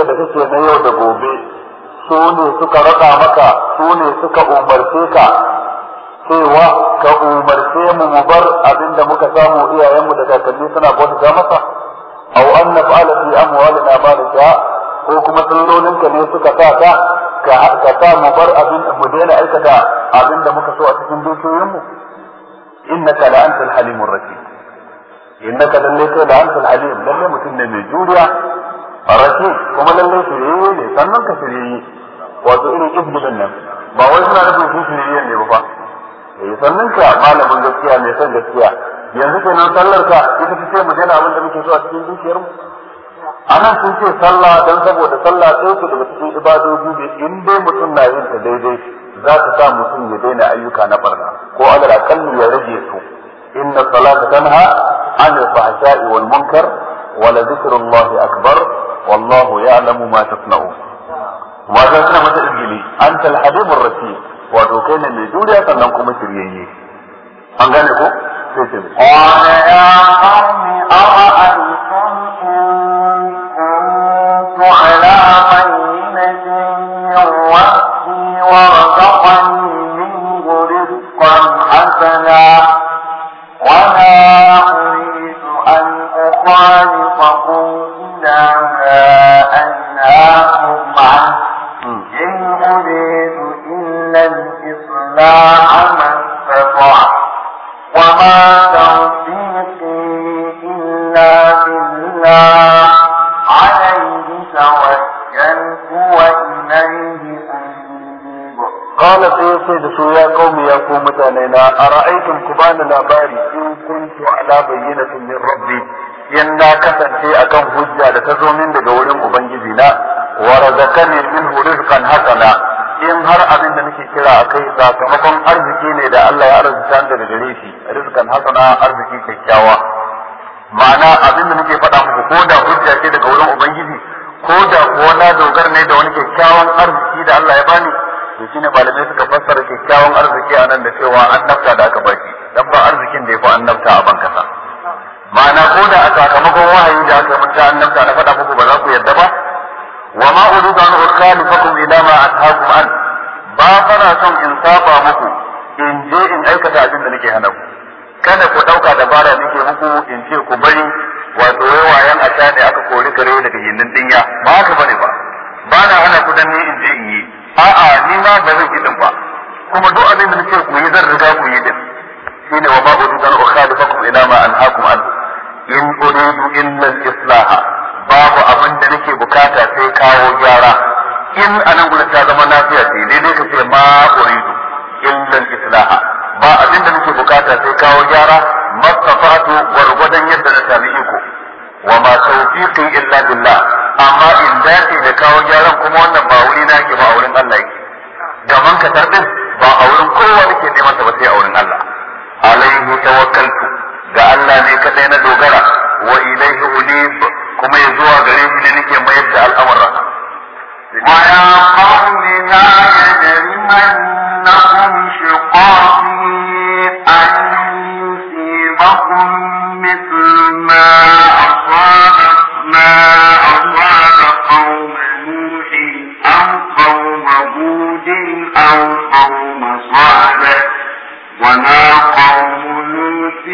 ka da kake na yau da gobe su ne suka raka maka su ne suka umarce ka cewa ka umarce mu mu bar abinda muka samu iyayenmu da kakanni suna bauta masa aw an naf'ala fi amwalina ma nasha ko kuma sallolinka ne suka sa ka ka sa mu bar abin mu daina aikata abin da muka so a cikin dukiyoyinmu innaka la antal halimur rashid innaka lalle kai la antal halim lalle mutum ne mai juriya rashid kuma lallai shirye ne sannan ka shirye wato irin izgilin nan ba wai suna rufin shi shirye ne ba eh sannan ka malamin gaskiya mai son gaskiya yanzu nan sallar ka ita ce mu daina abin da muke so a cikin zuciyar mu anan sun ce sallah dan saboda sallah sai su daga cikin ibadoji ne in dai mutum na yin ta daidai za ta sa mutum ya daina ayyuka na barna ko alal akalli ya rage su inna salata tanha anil fahsha'i wal munkar la الله akbar wallahu ya'lamu ma tasna'un mata suna mata izgili anta al-halimur rafiq wato kai ne mai juriya sannan kuma shiryayye an gane ko ya bani labari in kuntu ala bayyinatin min rabbi in na kasance akan hujja da ta zo min daga wurin ubangiji na wa razaqani min rizqan hasana in har abin da nake kira akai sakamakon arziki ne da Allah ya arzuta daga gare shi rizqan hasana arziki kyakkyawa ma'ana abin da nake faɗa muku ko da hujja ce daga wurin ubangiji ko da kuwa na dogar ne da wani kyakkyawan arziki da Allah ya bani to shine malamai suka fassara kyakkyawan arziki a nan da cewa an nafta da aka baki dan ba arzikin da ya fi annabta a bankasa ma'ana ko da a sakamakon wahayi da aka mutu annabta na faɗa muku ba za ku yadda ba wa ma ududu an urkalu fakum ila ma ashabu an ba fara son in saba muku in je in aikata abin da nake hana ku kada ku ɗauka dabara nake muku in ce ku bari wato wayan a ne aka kori kare daga hinnin dinya ba haka bane ba ba na hana ku dan ni in je in yi a'a ni ma ba zan yi din ba kuma duk abin da nake ku yi zan riga ku yi din shine wa ma uridu an ukhalifakum ila ma anhaakum an in uridu illa al-islaha babu abin da nake bukata sai kawo gyara in anan gurin ta zama lafiya sai dai ne kace ma uridu illa al-islaha ba abin da nake bukata sai kawo gyara mastafatu gwargwadon yadda na sami iko wa ma tawfiqi illa billah amma in da ke da kawo gyaran kuma wannan ba wuri na ke ba a wurin Allah yake da man ka tarbin ba a wurin kowa nake neman ta ba sai a wurin Allah alaihi tawakkaltu ga Allah ne kadai na dogara wa ilaihi kuma ya zuwa garin ni da mayar da al'amarin wa ya qawli ya yadari man nakum shiqati an yusibakum mithl ma asabna asaba qawm nuhin aw qawm hudin aw qawm salih وما قوم لوط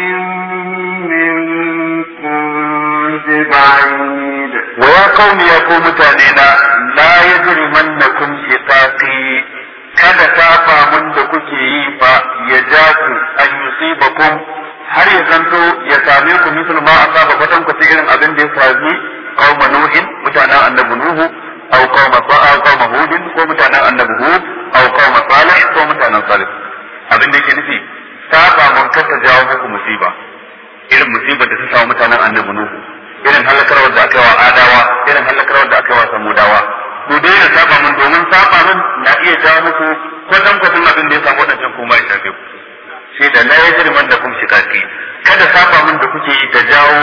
منكم ببعيد ويا قوم يا قوم تانينا لا يجرمنكم شقاقي kada tafa mun da kuke yi ba ya ja ku an har ya zanto ya same ku misal a asaba fatan ku irin abin da ya sami qauma nuhin mutanen annabi nuhu aw qauma sa'a qauma hudin ko mutanen annabi hud aw ko mutanen salih abin da yake nufi saba mun kanta jawo muku musiba irin musibar da ta samu mutanen annabi nuhu irin halakarwar da aka yi wa adawa irin halakarwar da aka yi wa samudawa ku daina saba mun domin saba mun na iya jawo muku kwatan kwatan abin da ya samu wadancan kuma ya shafe ku sai da na yi jirman da shiga ki, kada saba mun da kuke ta jawo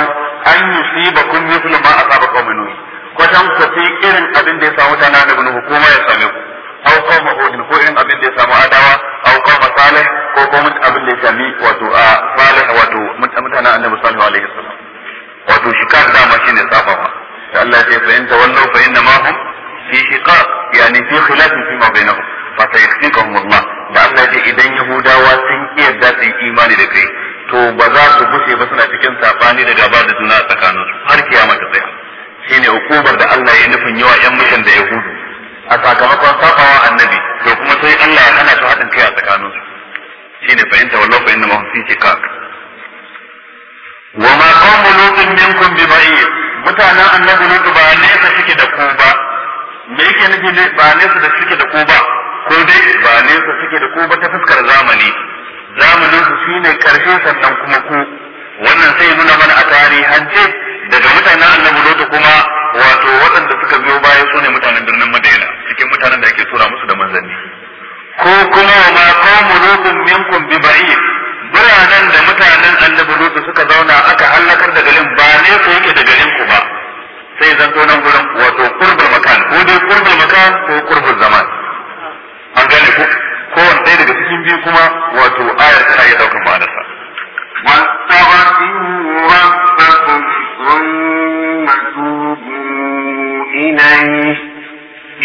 an musiba kun yi mithlu ma asaba qaumun nuh kwatan kwatan irin abin da ya samu mutanen annabi nuhu kuma ya same ku aw abin da ya samu adawa aw qawma ko ko mun abin da ya sami wato a wato wato sabawa da Allah ya fi da Allah ya idan yahudawa sun kiyarda imani da kai to ba za su ba suna cikin sabani da gaba da juna tsakaninsu har kiyama ta tsaya shine hukumar da Allah ya nufin yawa yan mutan da yahudu a sakamakon sabawa annabi to kuma sai Allah ya hana su haɗin kai a su shine fahimta in tawallaw fa inna mahum fi ka. wa ma qawmu lutin minkum bi ba'id mutanen annabi lutu ba su suke da ku ba me yake nufi ba su da suke da ku ba ko dai ba nesa suke da ku ba ta fuskar zamani zamanin su shine karshe sannan kuma ku wannan sai nuna mana a tarihance daga mutanen annabi lutu kuma wato waɗanda suka biyo baya su ne mutanen birnin Madina cikin mutanen da ake tura musu da manzanni ko kuma ma qawmu lutun minkum bi ba'id biranen da mutanen annabi lutu suka zauna aka halakar da garin ba ne ko yake da garin ku ba sai zan to nan gurin wato qurbul makan ko dai qurbul makan ko qurbul zaman an gane ku ko wanda daga cikin biyu kuma wato ayar ta iya daukar ma'anarsa sa ربكم ثم توبوا إليه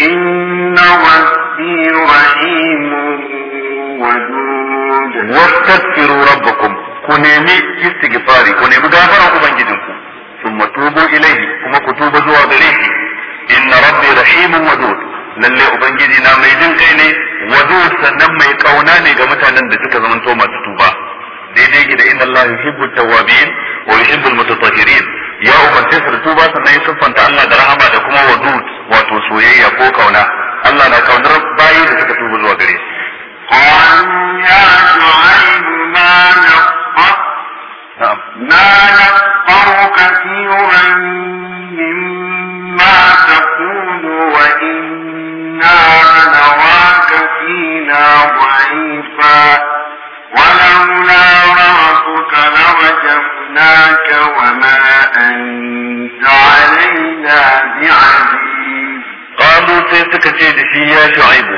إن ربي رحيم ودود واستغفروا ربكم كنمي استغفاري كنمي غفر أبنجدكم ثم توبوا إليه كما كتوبوا زوا إن ربي رحيم ودود lalle ubangiji na mai jin kai ne wadu sannan mai ƙauna ne ga mutanen da suka zama to masu tuba daidai gida inna Allah yuhibbu tawwabin wa yuhibbu al-mutatahhirin ya umarce su da tuba sannan ya Allah da rahama da kuma wadud wato soyayya ko kauna Allah na kaunar bayi da suka tuba zuwa gare shi قالوا يا شعيب ما نفقه ما نفقه كثيرا مما تقول وإنا لنراك فينا ضعيفا ولولا رأسك لرجمناك وما أنت علينا بعزيز qalu sai suka ce da shi ya shu'aibu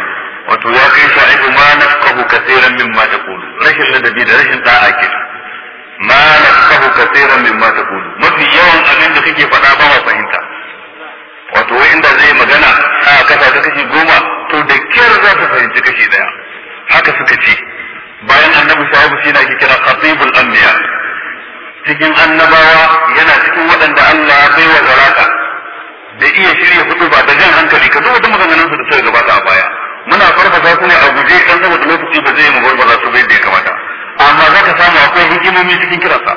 wato ya kai shu'aibu ma nafqahu kaseeran mimma taqulu rashin ladabi da rashin da'a ke ma nafqahu kaseeran mimma taqulu mafi yawan abin da kake faɗa ba ma fahimta wato wai inda zai magana a kasa ta kashi goma to da kyar za ta fahimci kashi daya haka suka ce bayan annabi shu'aibu shi na ake kira khatibul anbiya cikin annabawa yana cikin waɗanda Allah ya baiwa zaraka da iya shirya hudu ba da jan hankali ka zuwa duk maganganun su da suka gabata a baya muna farfasa su ne a guje kan saboda lokaci ba zai mu barbara su bai da ya kamata amma za ka samu akwai hikimomi cikin kirasa?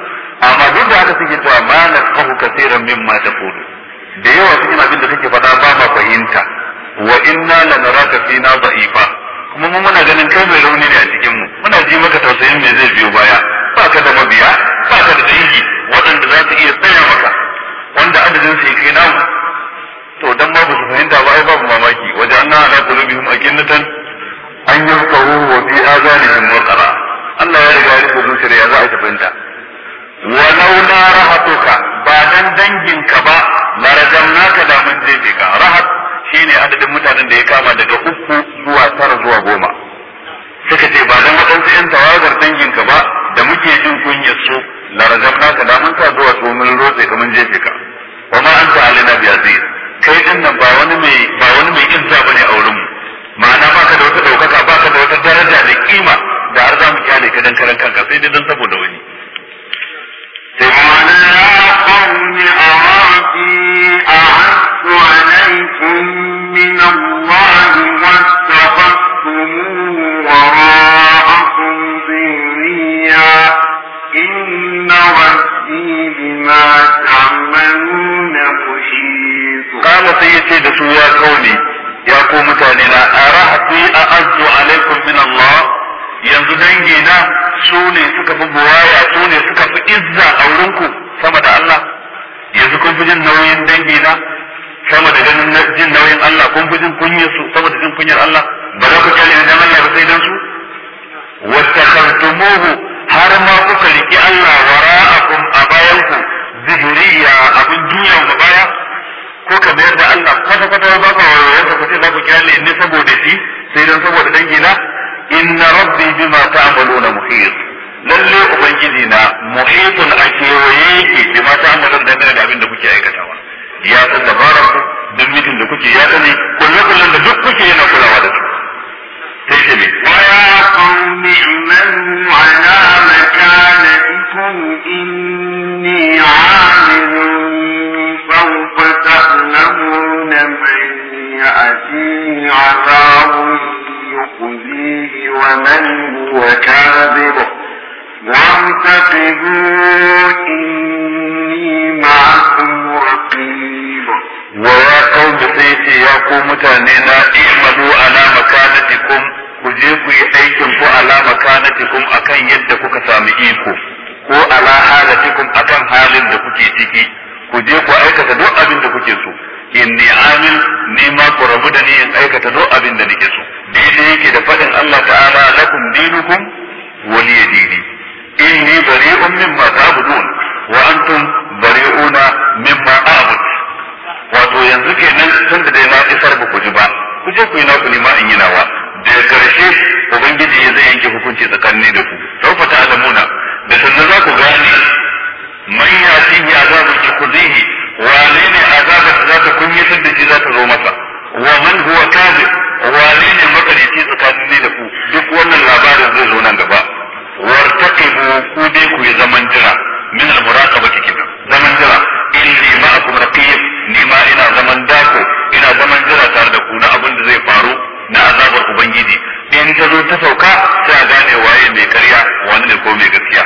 amma duk da haka suke cewa ma na kahu kasiran ta kudu da yawa cikin abin da kake faɗa ba ma fahimta wa inna na na da'ifa kuma mu muna ganin kai mai rauni ne a cikin mu muna ji maka tausayin me zai biyo baya ba ka da mabiya ba ka da dangi waɗanda za su iya tsaya maka wanda adadin su ya kai namu to dan ma su fahimta ba ai babu mamaki wajen anna ala qulubihim akinnatan an yafqahu wa fi adanihim waqara Allah ya riga ya kudu shirya ya za a tafinta wa la rahatuka ba dan danginka ba naka da mun jefe ka rahat shine adadin mutanen da ya kama daga uku zuwa tara zuwa goma suka ce ba dan wadansu 'yan tawagar danginka ba da muke jin kunyar su naka da mun sa zuwa su mun rotse ka jefe ka wa ma ta alina bi aziz kai din nan ba wani mai ba wani mai bane a wurin ma'ana ka da wata daukaka ka da wata daraja da kima da har za mu kyale ka dan karan kanka sai dai dan saboda wani sai a ya qawmi arati a'addu alaykum min Allah wastaghfiruhu wa ra'akum dhirriya inna rabbi bima kala sai ya ce da su ya kauni ya ko mutane na arahati yanzu dangi su ne suka fi buwaya su ne suka fi izza a wurinku sama da Allah yanzu kun fi jin nauyin dangina, sama da jin nauyin Allah kun fi jin kunyar su sama da jin kunyar Allah ba za ku kyale dan Allah ba sai dan su wattakhartumuhu har ma kuka riki Allah wara'akum a bayanku zuhuriya abin duniya ga baya ko ka mayar da Allah kwata kwata ba ka wayoyin ka kace za ku ne ne saboda shi sai dan saboda dangina inna rabbi bima ta'maluna muhit lalle ubangiji na muhitun a kewaye yake bima ta'malun dangane da abin da kuke aikatawa ya san dabarar ku duk mutum da kuke ya sani kullu kullun da duk kuke yana kulawa da su sai ce me wa فسوف تعلمون من يأتيه عذاب يخزيه ومن هو كاذب وارتقبوا إني معكم رقيب ويا قوم سيتي يا قوم متانينا اعملوا على مكانتكم ku je ku yi aikin ku ala makanatikum akan yadda kuka sami iko ko ala halatikum akan halin da kuke ciki ku je ku aikata duk abin da kuke so inni amil ni ma ku rabu da ni in aikata duk abin da nake so daidai yake da faɗin Allah ta'ala lakum dinukum waliya dini inni bari'un mimma ta'budun wa antum bari'una mimma a'bud wato yanzu kenan tun da dai na isar ba ku ji ba ku je ku yi naku ni ma in yi nawa da karshe ubangiji zai yanke hukunci tsakanin da ku sau fa alamuna da sannan za ku gane man yatihi azabun yakhzihi wane ne azabar za ta kunyatar da shi za ta zo masa wa man huwa kadhib wane ne makarici tsakanin ne da ku duk wannan labarin zai zo nan gaba wartaqibu ku dai ku yi zaman jira min al-muraqabati kitab zaman jira inni ma'akum raqib ni ma ina zaman dako ina zaman jira tare da ku na abin da zai faru na azabar ubangiji in ta zo ta sauka sai a gane waye mai karya wani ne ko mai gaskiya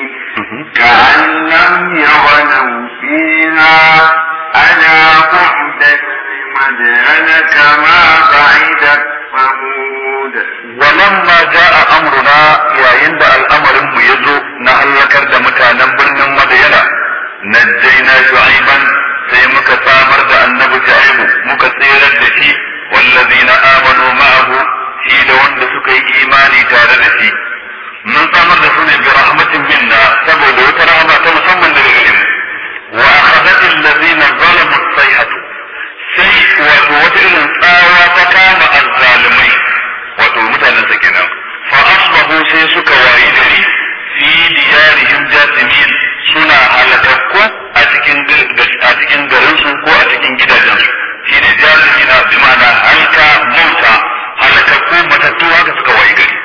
كأن لم يغنوا فيها ألا بعدا لمدين كما بعدت ثمود ولما جاء أمرنا يا يند الأمر يزو نهلكر دمتا نبرنا مدينة نجينا شعيبا sai muka samar da annabi Shu'aibu muka tsirar da shi wallazina amanu ma'ahu shi da wanda suka yi imani tare da shi mun samar da su ne bi rahmatin minna saboda wata rahama ta musamman daga gare mu wa akhadat allazina zalamu sayhatu sai wato wata irin tsawa ta kama azzalimai wato mutanen sa kenan fa asbahu sai suka wayi gari fi diyarihim jasimin suna halakakku a cikin a cikin garin su ko a cikin gidajen su shine jasimina bi ma'ana halka mauta halakakku matattu haka suka wayi gari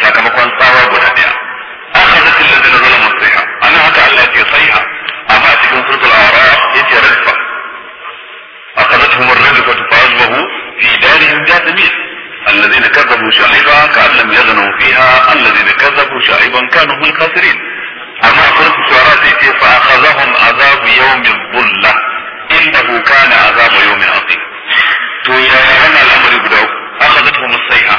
sakamakon tsawa guda daya akhadhat alladhina zalamu sayha ana haka Allah ya sayha amma a cikin suratul a'raf yace rajfa akhadathum ar-rajfa fa asbahu fi darihim jathimin الذين كذبوا شعيبا كأن لم يغنوا فيها الذين كذبوا شعيبا كانوا هم الخاسرين أما سورة الشعراء تأتي فأخذهم عذاب يوم الظلة إنه كان عذاب يوم عظيم to ya wannan al'amari guda uku aka zata kuma sai ha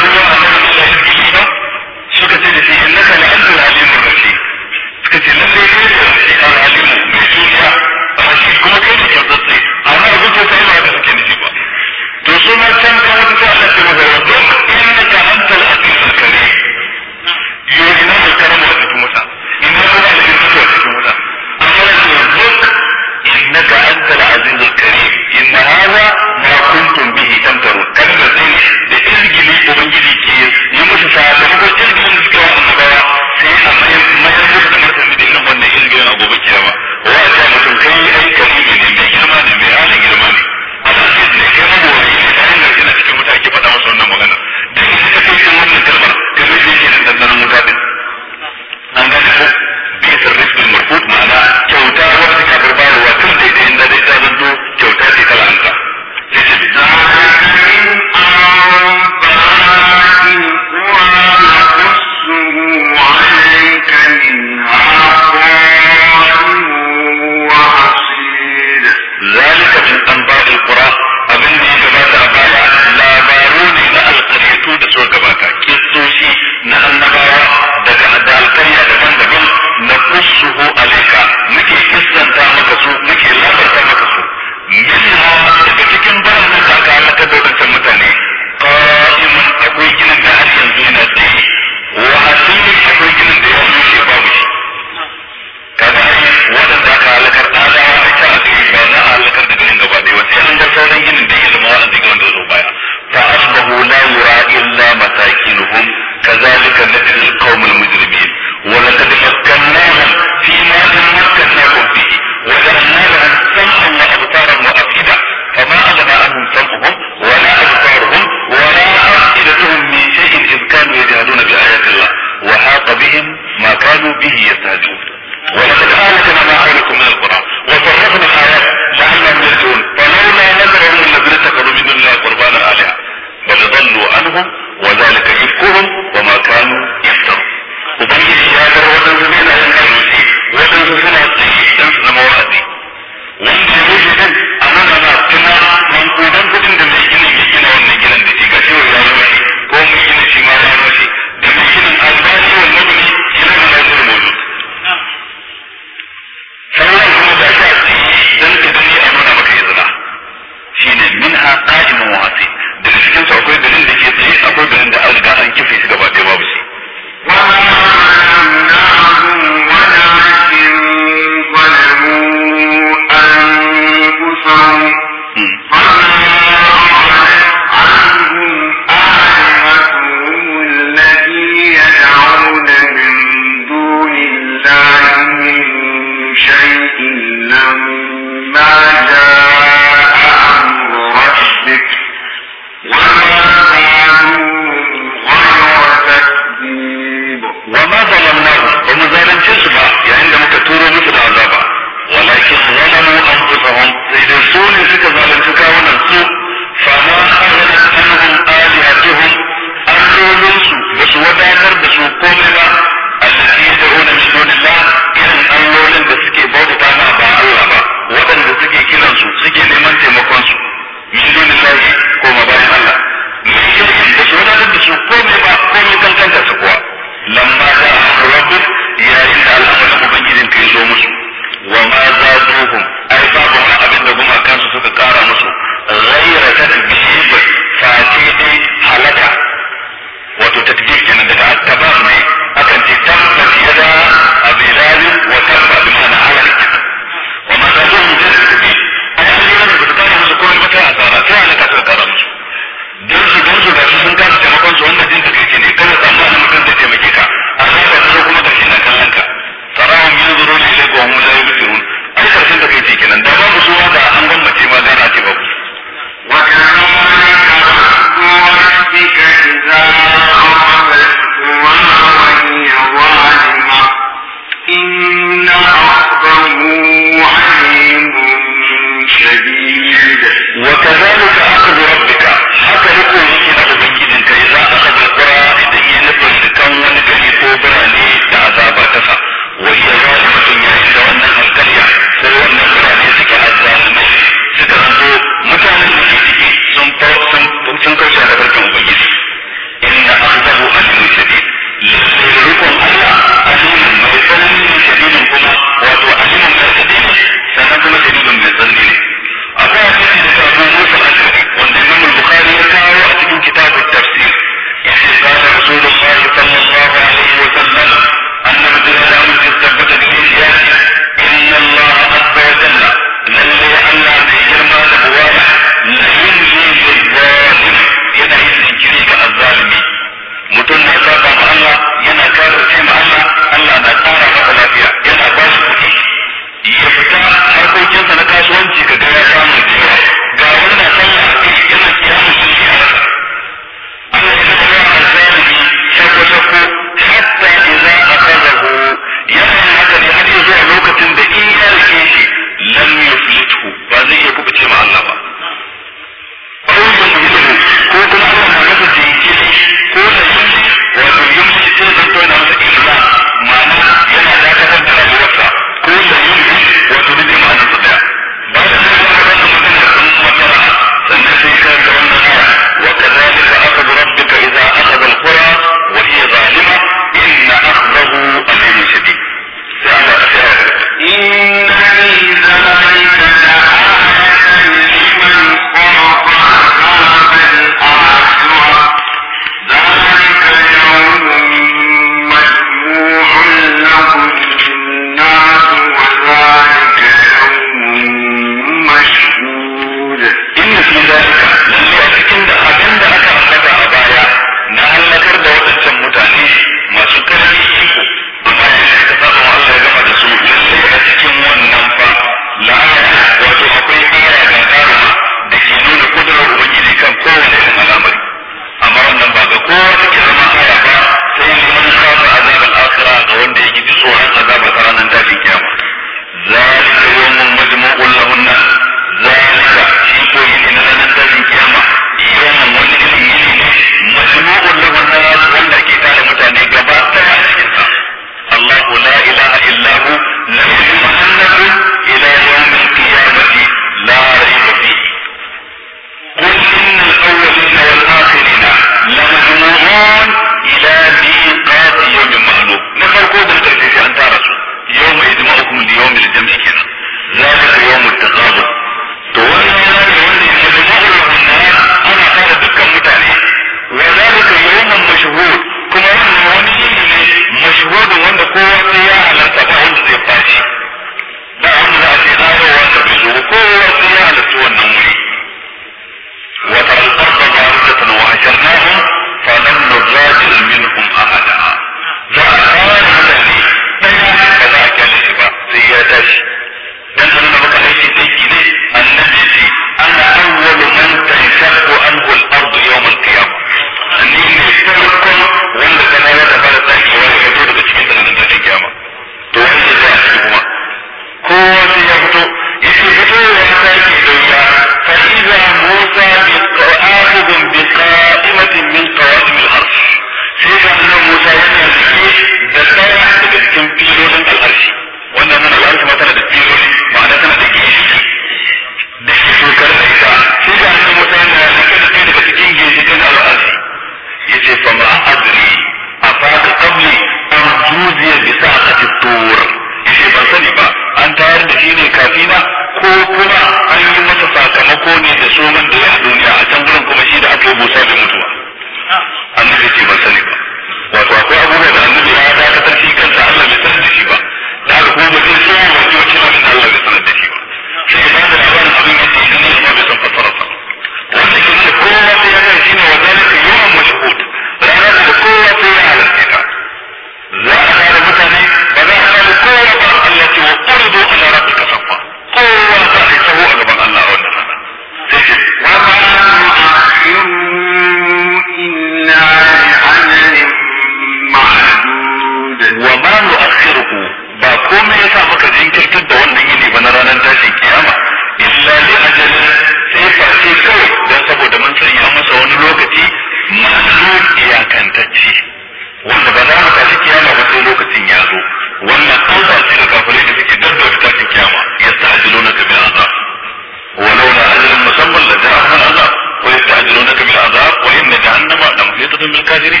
نخرج من الكافرين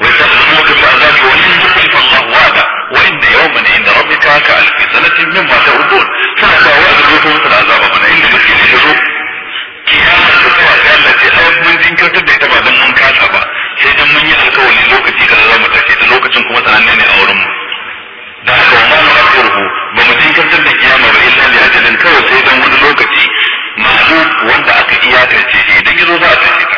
ويستخدموك بالعذاب وإن تخلف الله وعده وإن يوما عند ربك كألف سنة مما تعدون فهذا وعد يكون مثل العذاب من عند مسكين يشوف kiyama da zuwa ga Allah ce ai mun jinkirtar da ita ba dan mun kasa ba sai dan mun yi alkawari lokaci da za mu tafi lokacin kuma sananne ne a wurin mu da haka wa malu akhiruhu ba mu jinkirtar da kiyama ba illa li ajalin kawai sai dan wani lokaci ma'lum wanda aka iyakance shi idan yazo za a tafi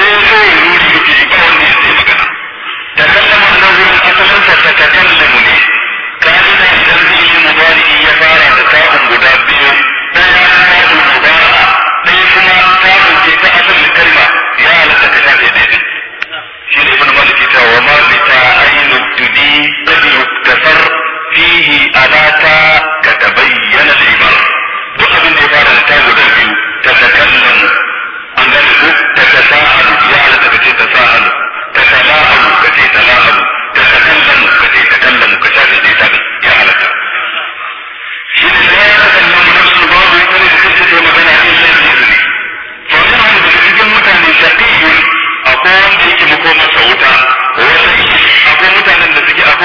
sai sai da kallon asalin sa ta ne kalina idan zai yi ya fara da ta'un guda biyu ɗaya ta'un kuma ta'un ce ta asalin kalma ya halatta ka shi ne ibn maliki ta wa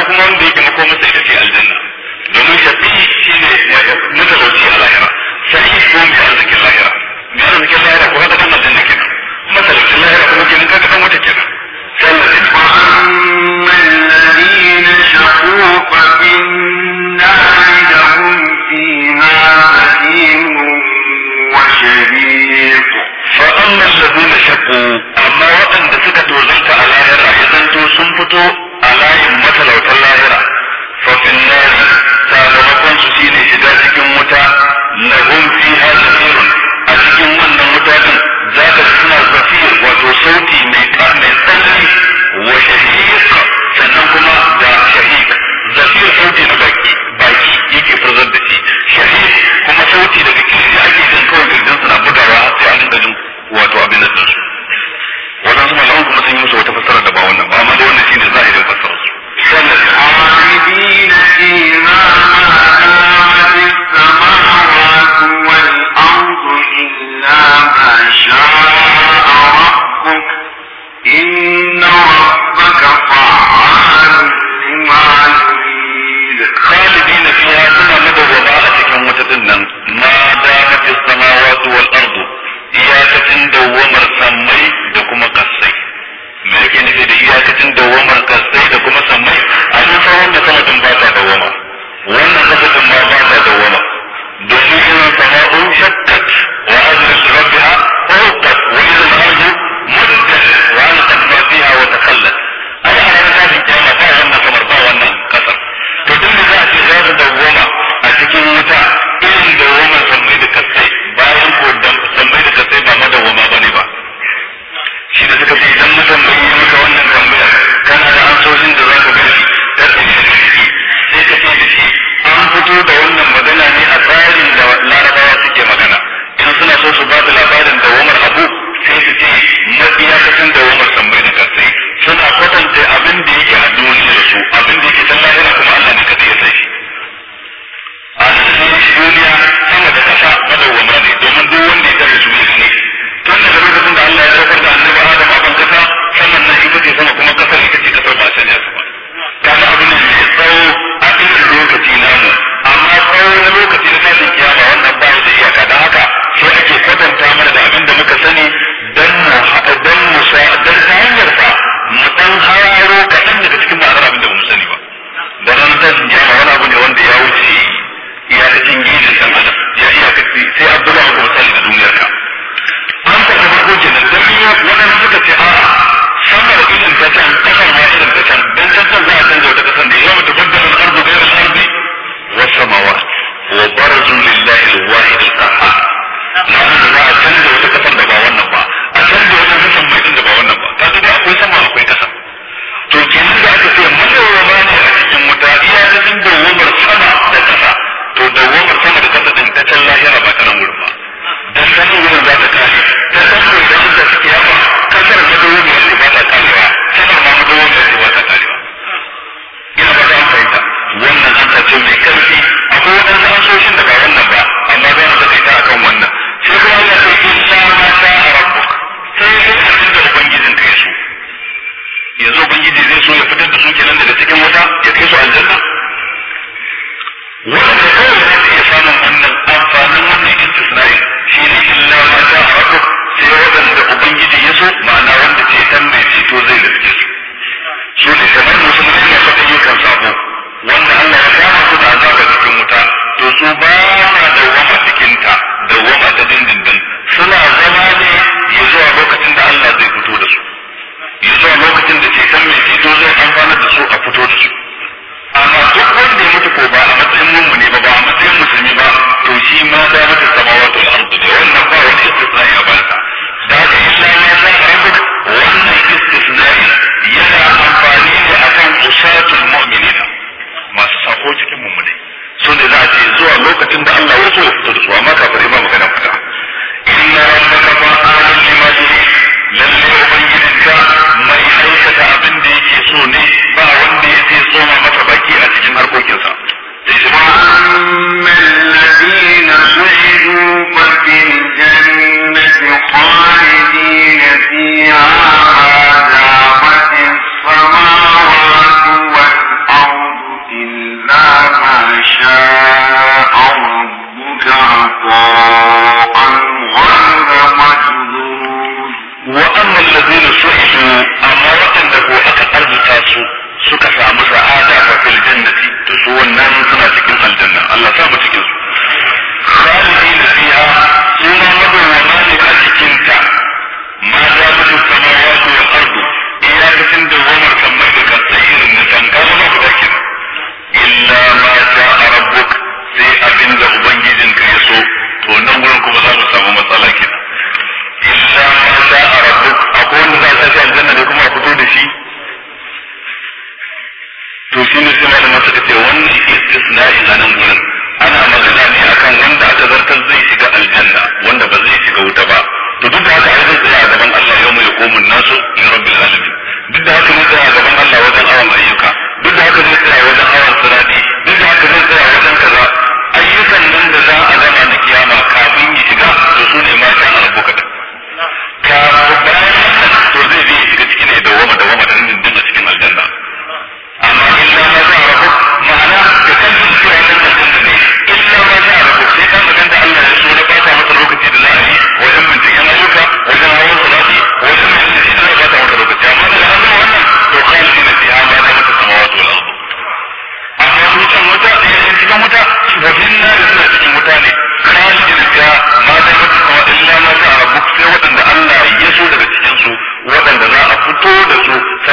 kuma wanda yake mako masa ita ce aljanna domin shafi shi ne matalauci a lahira sahi ko mai arzikin lahira mai arzikin lahira ko haka kan aljanna kenan matalaucin lahira kuma kenan kaga kan wata kenan وأما الذين فأما الذين شقوا أما وأن تسكتوا زلت على هرع يزلتوا سنفتوا matalautan lahira fafin nari sakamakon su shine shiga cikin wuta na fi hajjirun a cikin wannan wuta din za ka suna zafi wato sauti mai tsanani wa shahiq sannan kuma da shahiq zafiyar sauti na baki baki yake furzar da shi shahiq kuma sauti daga kirji ake jin kawai kirjin suna bugawa sai an dinga wato abin da su wadansu malaman kuma sun yi musu wata fassara da ba wannan ba amma da wannan shine zahirin fassara والعابدين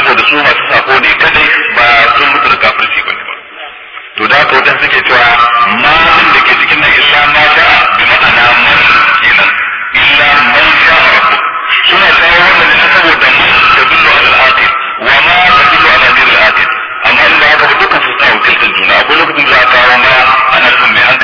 da su masu sako ne kadai ba sun mutu da kafirci ba ba to da ka wajen suke cewa ma da ke cikin nan illa ma sha bi ma'ana man kenan illa man sha suna kawo wannan ne saboda man da dullu ala al-aqil wa ma da dullu ala al-aqil amma da aka duka su sa wakiltar juna akwai lokacin da aka kawo ma ana son mai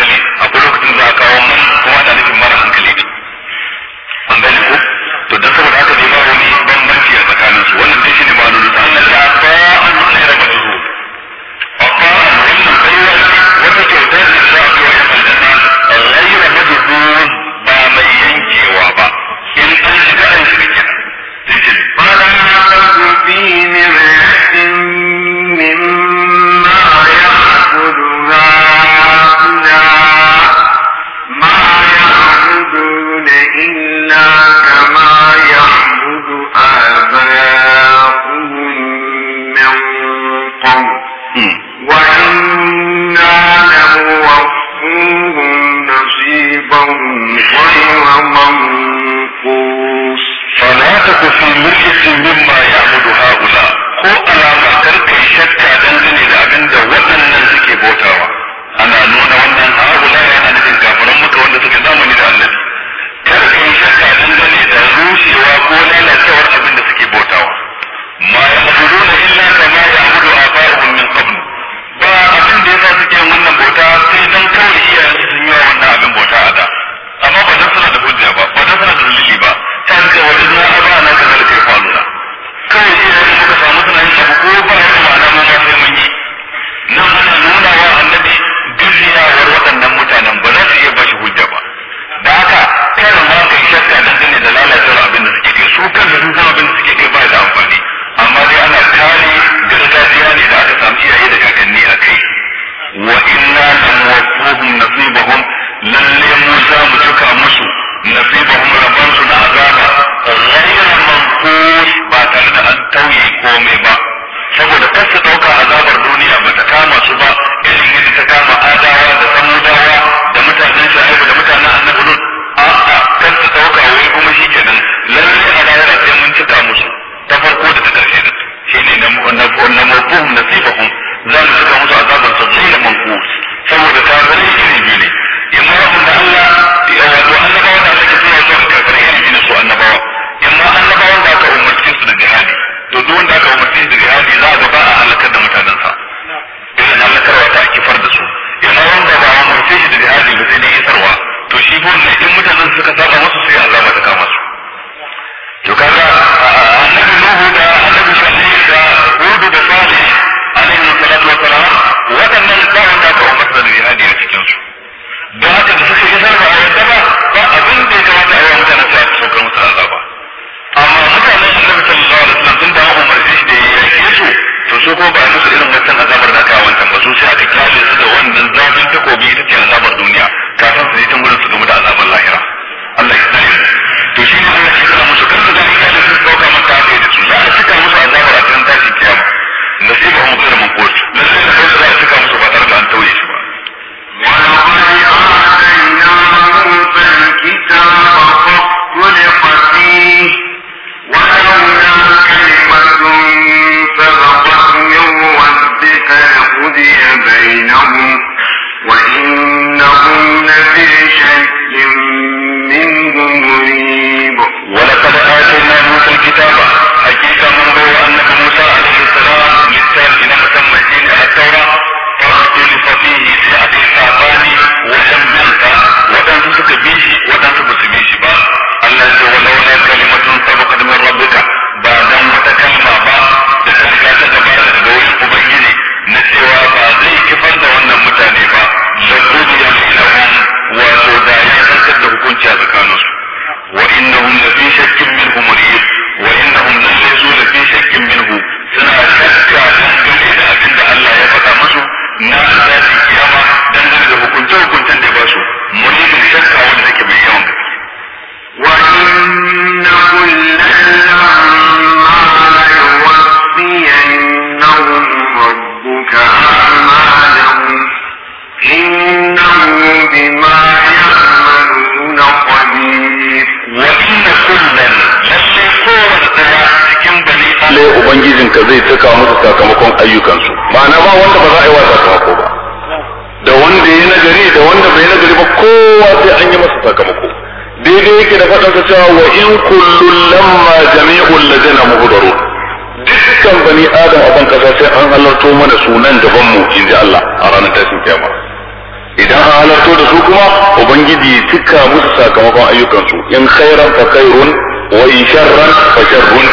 ma ya'buduna illa kama a aba'uhum min qabl ba abinda ya yasa suke wannan bauta sai dan kawai iyayen su sun yi a da amma ba dan suna da hujja ba ba dan suna da ba kawai misali gargajiya ne da aka samu iyaye da kakanni a kai wa inna lamuwaffahum nasibahum lalle mu za mu cika musu nasibahum su na azaba ghayra manqus ba tare da an tauye komai ba saboda kar su dauka azabar duniya ba ta kama su ba irin yadda ta kama adawa da samudawa da mutanen sha'ibu da mutanen annabi lut a'a kar su dauka wai kuma shikenan lalle a lahira sai mun cika musu ta farko da ta karshe da Shi ne na na mabum nasibahum zan suka musu azaban sabila manqus saboda ta yi irin biyu ne imma abin da Allah ya wato annabawa da Allah ke tura su ga kafir irin biyu su annabawa imma annabawan da aka umarci su da jihadi to duk wanda aka umarci su da jihadi za a gaba a halakar da mutanensa irin halakarwa ta kifar da su imma wanda ba a umarci shi da jihadi ba sai ne isarwa to shi ko ne in mutanen suka saba musu sai Allah ba ta kama su to kaga su ko ba musu irin wancan azabar da aka wancan ba su sai aka kyale su da wannan zafin takobi ita ce azabar duniya kafin su yi ta gurin su gamu da azabar lahira Allah ya tsare to shi ne Allah ya tsara musu kan su da kyale su dauka manta da su ya a cika musu azabar a cikin tashin kiyama nasiba mu kira mun kosu وإنهم وإنهم لفي شك منه مريب ولقد آتينا موسى الكتاب na zafin kiyama dangane da hukunta-hukuntan da ya basu mulkin shakka wanda take mai yawan Wa inna kullum Ubangijinka zai saka musu sakamakon ayyukansu. ma'ana ba wanda ba za a yi wa sakamako ba da wanda ya nagari da wanda bai nagari ba kowa sai an yi masa sakamako daidai yake da faɗansa cewa wa in kullun lamma jami'ul ladina muhdaru dukkan bani adam a ban kasa sai an halarto mana sunan gaban mu inji Allah a ranar tashin kiyama idan an halarto da su kuma ubangiji cika musu sakamakon ayyukansu in khairan fa khairun wa in sharran fa sharrun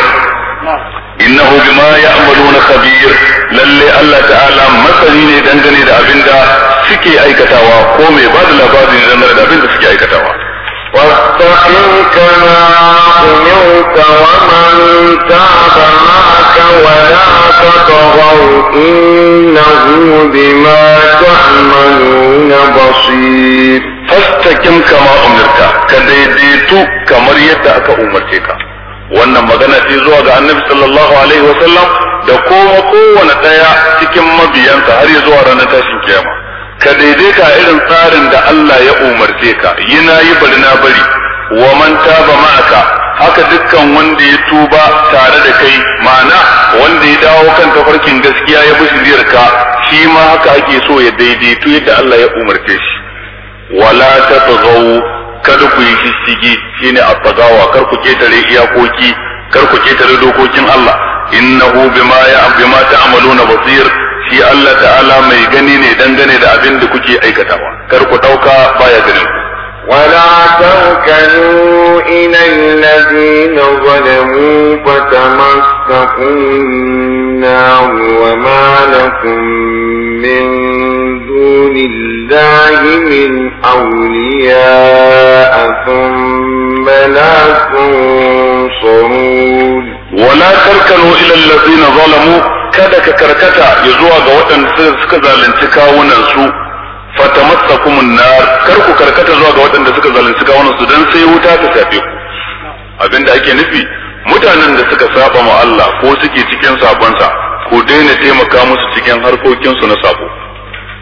innahu bima ya'maluna khabir lalle Allah ta'ala masani ne dangane da abinda suke aikatawa ko mai ba da labari ne dangane da abinda suke aikatawa واستقم كما أمرت ومن تاب معك ولا تطغوا إنه بما تعملون بصير فاستقم كما أمرت كديديت كمريت أكا أمرتك wannan magana ce zuwa ga annabi sallallahu alaihi wasallam da kuma kowane ɗaya cikin mabiyansa har ya zuwa ranar tashin kiyama ka daidaita irin tsarin da Allah ya umarce ka yi na yi bari na bari wa man taba ma'aka haka dukkan wanda ya tuba tare da kai ma'ana wanda ya dawo kan tafarkin gaskiya ya bi ka shi ma haka ake so ya daidaitu yadda Allah ya umarce shi wala tatghaw kada ku yi shishigi shine at-tagawa kar ku ketare iyakoki kar ku ketare dokokin Allah innahu bima ya bima ta'maluna basir shi Allah ta'ala mai gani ne dangane da abin da kuke aikatawa kar ku dauka baya ganin ku ولا تركنوا إلى الذين ظلموا فتمسكوا النار وما لكم من دون الله من أولياء ثم لا تنصرون ولا تركنوا إلى الذين ظلموا kada ka karkata ya zuwa ga waɗanda suka zalunci kawunansu fatamassa kuma nar kar ku karkata zuwa ga waɗanda suka zalunci kawunansu don sai wuta ta shafe ku abinda ake nufi mutanen da suka saba ma Allah ko suke cikin sabonsa ku daina taimaka musu cikin harkokinsu na sabo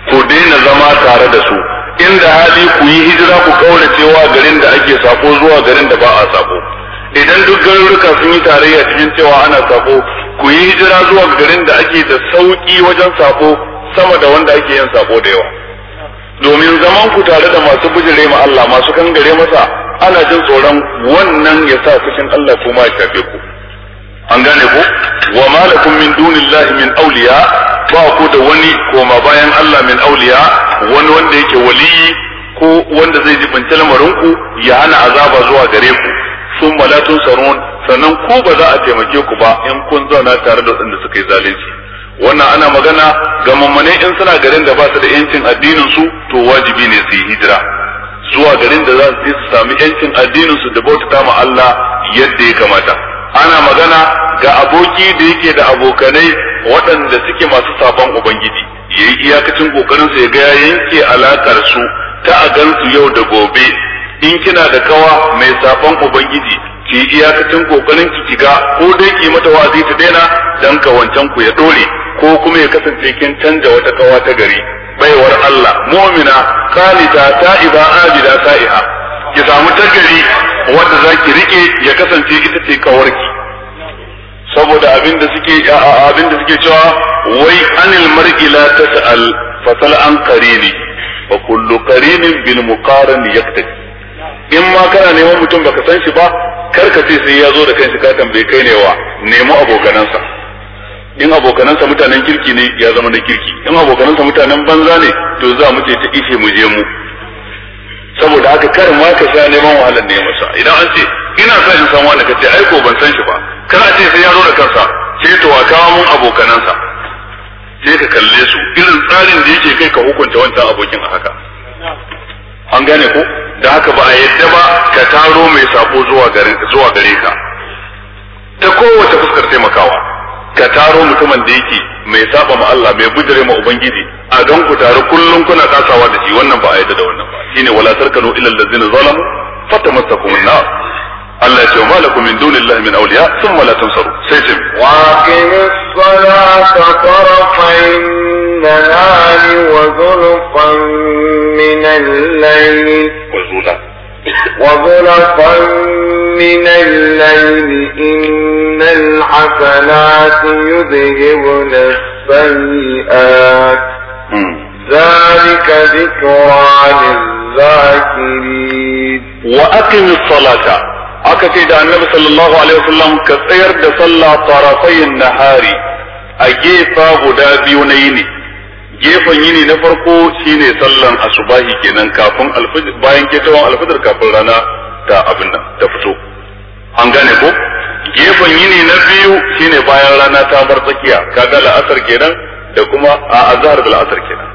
ku daina zama tare da su inda hali ku yi hijira ku kaura cewa garin da ake sako zuwa garin da ba a sako idan duk garuruka sun yi tarayya cikin cewa ana sako ku yi hijira zuwa garin da ake da sauki wajen sako sama da wanda ake yin sako da yawa domin zaman ku tare da masu bijire ma Allah masu kangare masa ana jin tsoron wannan ya sa cikin Allah kuma ya shafe ku an gane ko wa malakum min dunillahi min awliya ba ku da wani koma bayan Allah min awliya wani wanda yake waliyi ko wanda zai jibinci lamarin ku ya hana azaba zuwa gare ku sun malatun sarun sannan ku ba za a taimake ku ba in kun zauna tare da wanda suka yi zalunci wannan ana magana ga mummune in suna garin da ba su da yancin addinin su to wajibi ne su yi hijira zuwa garin da za su je su sami yancin addinin su da bautata ma Allah yadda ya kamata ana magana ga aboki da yake da abokanai waɗanda suke masu sabon ubangiji yi iyakacin kokarin sa ya ga yanke alakar su ta a gansu yau da gobe in kina da kawa mai sabon ubangiji ki iyakacin kokarin ki kiga ko dai ki mata wa'azi ta daina dan ka wancan ku ya dole ko kuma ya kasance kin canza wata kawa ta gari baiwar Allah mu'mina qanita ta'iba abida sa'iha ki samu tagari wanda za ki rike ya kasance ita ce kawarki saboda abin da suke abin da suke cewa wai anil mar'i la tas'al sal an qarini wa kullu qarinin bil muqarin yaktab in ma kana neman mutum baka san shi ba kar ka ce sai ya zo da kanshi ka tambaye kai ne wa nemi abokanansa in abokanansa mutanen kirki ne ya zama na kirki in abokanansa mutanen banza ne to za mu ce ta ishe mu je mu saboda haka kar ma ka sha neman wahalar ne masa idan an ce ina sa in san wani kace aiko ban san shi ba kar ce sai yaro da kansa sai to a kawo mun abokanansa sai ka kalle su irin tsarin da yake kai ka hukunta wancan abokin a haka an gane ko da haka ba a yadda ba ka taro mai sako zuwa gare zuwa gare ka ta kowace fuskar taimakawa ka taro mutumin da yake mai saba ma Allah mai bujire ma ubangiji a don ku taru kullum kuna kasawa da shi wannan ba a yadda da wannan ba shine wala tarkanu ila allazina zalamu fatamassakum an-nar Allah ce ma lakum min dunillahi min awliya thumma la tansaru sai ce wa aqimis salata tarafayn nahari wa zulfan min al-layl wa zulfan wa zulfan من الليل إن الحسنات يذهبن السيئات ذلك ذكرى للذاكرين وأقم الصلاة aka ce da صلى sallallahu alaihi وسلم ka tsayar da sallah tarafayin nahari a gefa biyu na yini gefen yini na farko shine sallan asubahi kenan kafin alfajir bayan ketawan alfajir kafin rana ta abin nan ta fito an gane ko gefen yini na biyu shine bayan rana ta bar tsakiya kaga la'asar kenan da kuma a azhar da asr kenan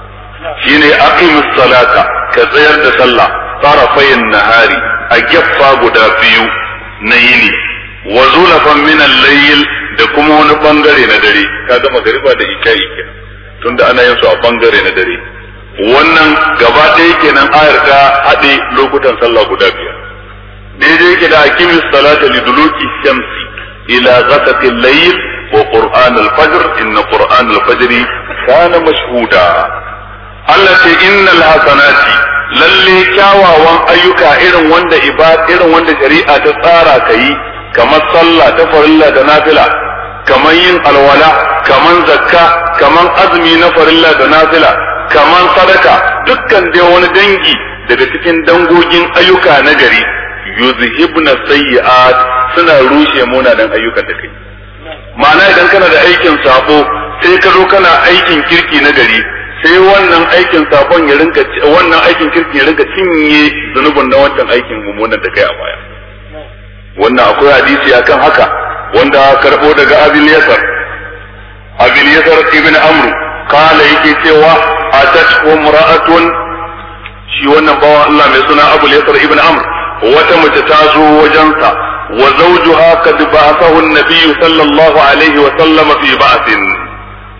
shine aqimus salata ka tsayar da sallah tarafayn nahari a gaffa guda biyu na yini wa zulafan min al-layl da kuma wani bangare na dare kaga magariba da isha'i kenan tunda ana yin su a bangare na dare wannan gaba ɗaya kenan ayar ta haɗe lokutan sallah guda biyar daidai ke da aqimus salata liduluki shamsi ila ghasaqi al-layl wa qur'an al-fajr inna qur'an al-fajr kana mashhuda Allah ce innal hasanati lalle kyawawan ayyuka irin wanda ibad ta tsara kai kamar sallah ta farilla da nafila kamar yin alwala kaman zakka kaman azumi na farilla da nafila kaman sadaka dukkan dai wani dangi daga cikin dangogin ayyuka na gari yuzhibna sayyi'at suna rushe munanan ayyukan da kai ma'ana idan kana da aikin sabo sai ka zo kana aikin kirki na gari sai wannan aikin sabon ya rinka wannan aikin kirki ya rinka cinye zanubin na wancan aikin mummunan da kai a baya wannan akwai hadisi akan haka wanda karbo daga abin yasar abin yasar ibn amru kala yake cewa atat umra'atun shi wannan bawan Allah mai suna abul yasar ibn Amru. wata mace ta zo wajensa وزوجها قد بعثه النبي صلى الله عليه وسلم في بعث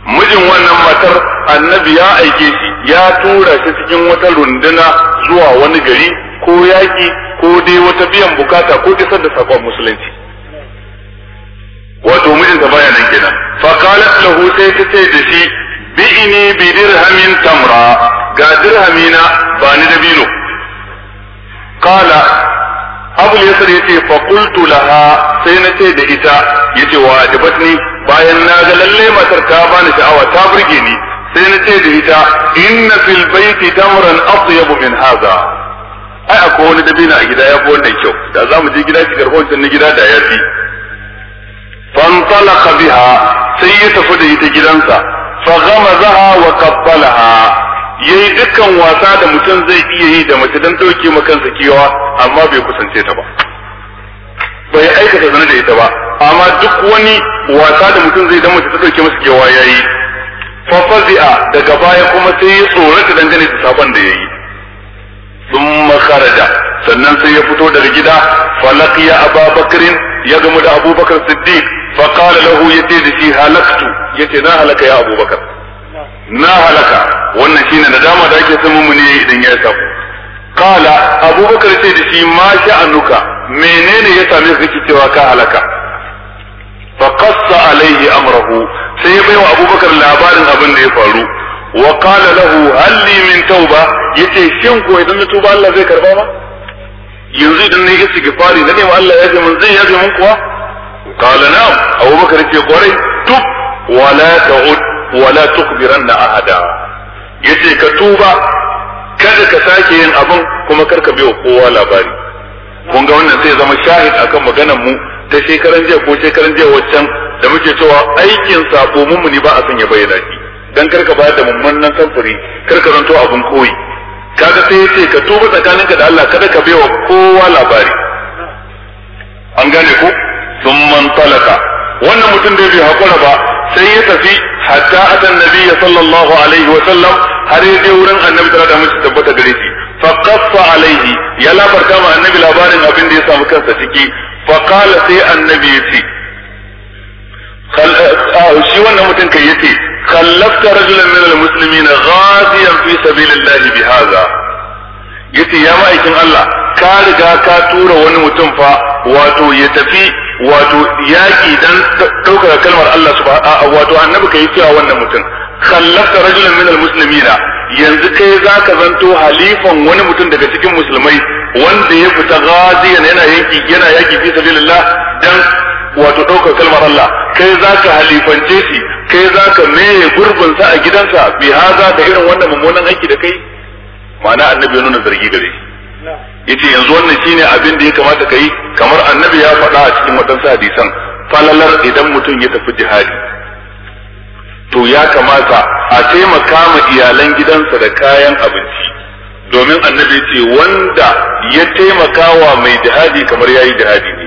mijin wannan matar annabi ya aike shi ya tura shi cikin wata runduna zuwa wani gari ko yaƙi ko dai wata biyan bukata ko isar da sakon musulunci wato mijinta baya nan kenan fa qalat lahu sai ta ce da shi bi'ini bi dirhamin tamra ga dirhamina ba ni dabino qala abul yasir yace fa qultu laha sai na ce da ita yace wa ajabatni bayan na ga lalle matar ta bani sha'awa ta burge ni sai na ce da ita inna fil baiti tamran atyabu min hadha ai akwai wani dabina a gida ya fi wannan kyau da za mu je gida ki garfa wancan na gida da ya fi fantalaka biha sai ya tafi da ita gidansa fa zaha wa qabbalaha Yayi yi dukkan wasa da mutum zai iya yi da mace don ɗauke makansa kewa amma bai kusance ta ba bai aikata zane da ita ba amma duk wani wasa da mutum zai dama mace ta ɗauke masa kewa ya yi fafazi'a daga baya kuma sai ya tsorata dangane da sabon da ya yi sun makaraja sannan sai ya fito daga gida falaqiya ababakarin ya gamu da abubakar siddiq faqala lahu yace da shi halaktu yace na halaka ya abubakar na halaka wannan shine dama da ake son ne idan ya sako kala abubakar ce da shi ma sha'anuka menene ya same ka kike cewa ka halaka fa qassa alaihi amrahu sai ya baiwa abubakar labarin abin da ya faru wa qala lahu hal li min tauba yace shin ko idan na tuba Allah zai karba ma yanzu idan na yi fari, na nemi Allah ya ji mun zai ya ji mun kuwa qala na'am abubakar ce kwarai tub wala ta'ud wala na ahada yace ka tuba kada ka sake yin abin kuma kar ka biyo kowa labari kun ga wannan sai zama shahid akan maganar mu ta shekaran jiya ko shekaran jiya waccan da muke cewa aikin sabo ne ba a sanya ya bayyana shi dan kar ka ba da mummunan samfuri kar ka zanto abin koyi kaga sai yace ka tuba tsakaninka da Allah kada ka biyo kowa labari an gane ko sun man talaka wannan mutum da bai hakura ba sai ya tafi hatta atan nabiyya sallallahu alaihi wa sallam har ya je wurin annabi tare da mace tabbata gare shi fa alaihi ya labarta ma annabi labarin abin da ya samu kansa ciki fa qala sai annabi ya ce shi wannan mutum kai yace khallafta rajulan min almuslimin ghaziyan fi sabilillahi bihaza yace ya ma'aikin Allah ka riga ka tura wani mutum fa wato ya tafi wato yaƙi dan ɗaukar kalmar Allah subhanahu wato annabi kai cewa wannan mutum khallafta rajulan min almuslimina yanzu kai zaka zanto halifan wani mutum daga cikin musulmai wanda ya fita ghaziyan yana yaki yana yaki fi sabilillah dan wato ɗaukar kalmar Allah kai zaka halifance shi kai zaka meye gurbin sa a gidansa bi haza da irin wannan mummunan aiki da kai ma'ana annabi ya nuna zargi gare shi yace yanzu wannan shine abin da ya kamata ka yi kamar annabi ya faɗa a cikin waɗansu hadisan falalar idan mutum ya tafi jihadi to ya kamata a taimaka ma iyalan gidansa da kayan abinci domin annabi ce wanda ya taimaka wa mai jihadi kamar ya yi jihadi ne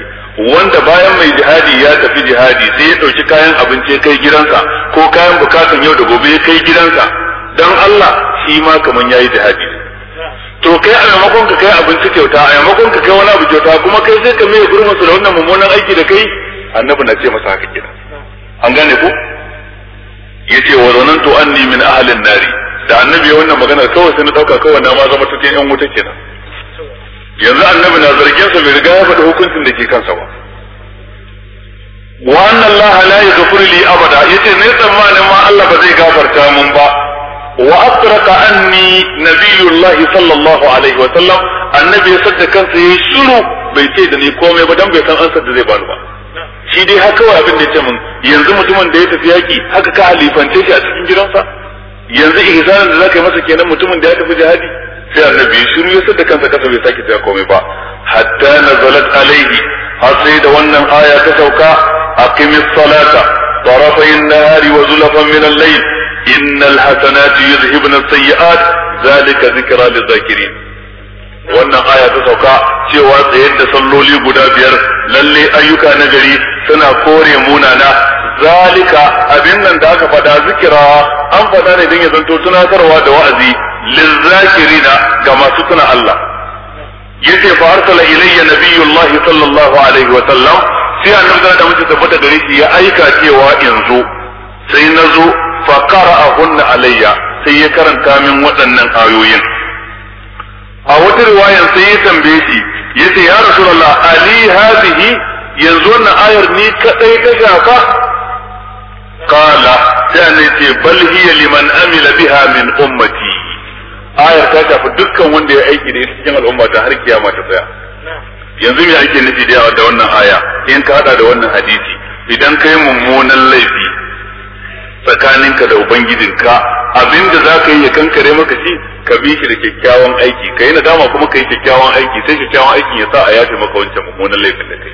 wanda bayan mai jihadi ya tafi jihadi sai ya ɗauki kayan abinci kai gidansa ko kayan bukatun yau da gobe ya kai gidansa don Allah shi ma kamar yi jihadi ne to kai a maimakon ka kai abinci kyauta a maimakon ka kai wani abu kyauta kuma kai sai ka mai gurbin su da wannan mummunan aiki da kai annabi na ce masa haka kenan an gane ko yace wa zanantu anni min ahlin nari da annabi ya wannan maganar kawai sai na dauka kawai na ma zama cikin yan wuta kenan yanzu annabi na zargin sa bai riga ya faɗi hukuncin da ke kansa ba wa anna allaha la yaghfiru li abada yace ne tsammanin ma Allah ba zai gafarta mun ba وأطرق أني نبي الله صلى الله عليه وسلم النبي صدق كان سيشلو بيتيدني كومي بدن بيتان أنسد زي بانوا shi dai haka wa abin da ya ce mun yanzu mutumin da ya tafi yaki haka ka alifance shi a cikin gidansa yanzu ihsanin da zaka yi masa kenan mutumin da ya tafi jihadi sai annabi shiru ya da kansa kasa bai sake ta komai ba hatta nazalat alaihi har sai da wannan aya ta sauka aqimis salata طرفي النهار وزلفا من الليل innal hasanati yuzhibna as-sayyi'at zalika zikra wannan aya ta sauka cewa tsayar da salloli guda biyar lalle ayyuka na gari suna kore munana zalika abin nan da aka faɗa zikira an faɗa ne don ya zanto tunatarwa da wa'azi lizzakirina ga masu tuna Allah yace fa arsala ilayya nabiyullahi sallallahu alaihi wa sallam sai annabi da mutum tabbata gare ya aika cewa in zo sai na zo a hunna alayya sai ya karanta min waɗannan ayoyin a wata riwayan sai ya tambaye shi yace ya rasulullah ali hadhihi yanzu wannan ayar ni kadai ta shafa qala sai ne ce bal hiya liman amila biha min ummati ayar ta shafi dukkan wanda ya aiki da ita cikin al'umma ta har kiyama ta tsaya yanzu me ake nufi da wannan aya in ka hada da wannan hadisi idan kai mummunan laifi tsakaninka da ubangijinka abin da za ka yi ya kankare maka shi ka bi shi da kyakkyawan aiki ka yi nadama kuma ka yi kyakkyawan aiki sai kyakkyawan aikin ya sa a yafe maka wancan mummunan laifin da kai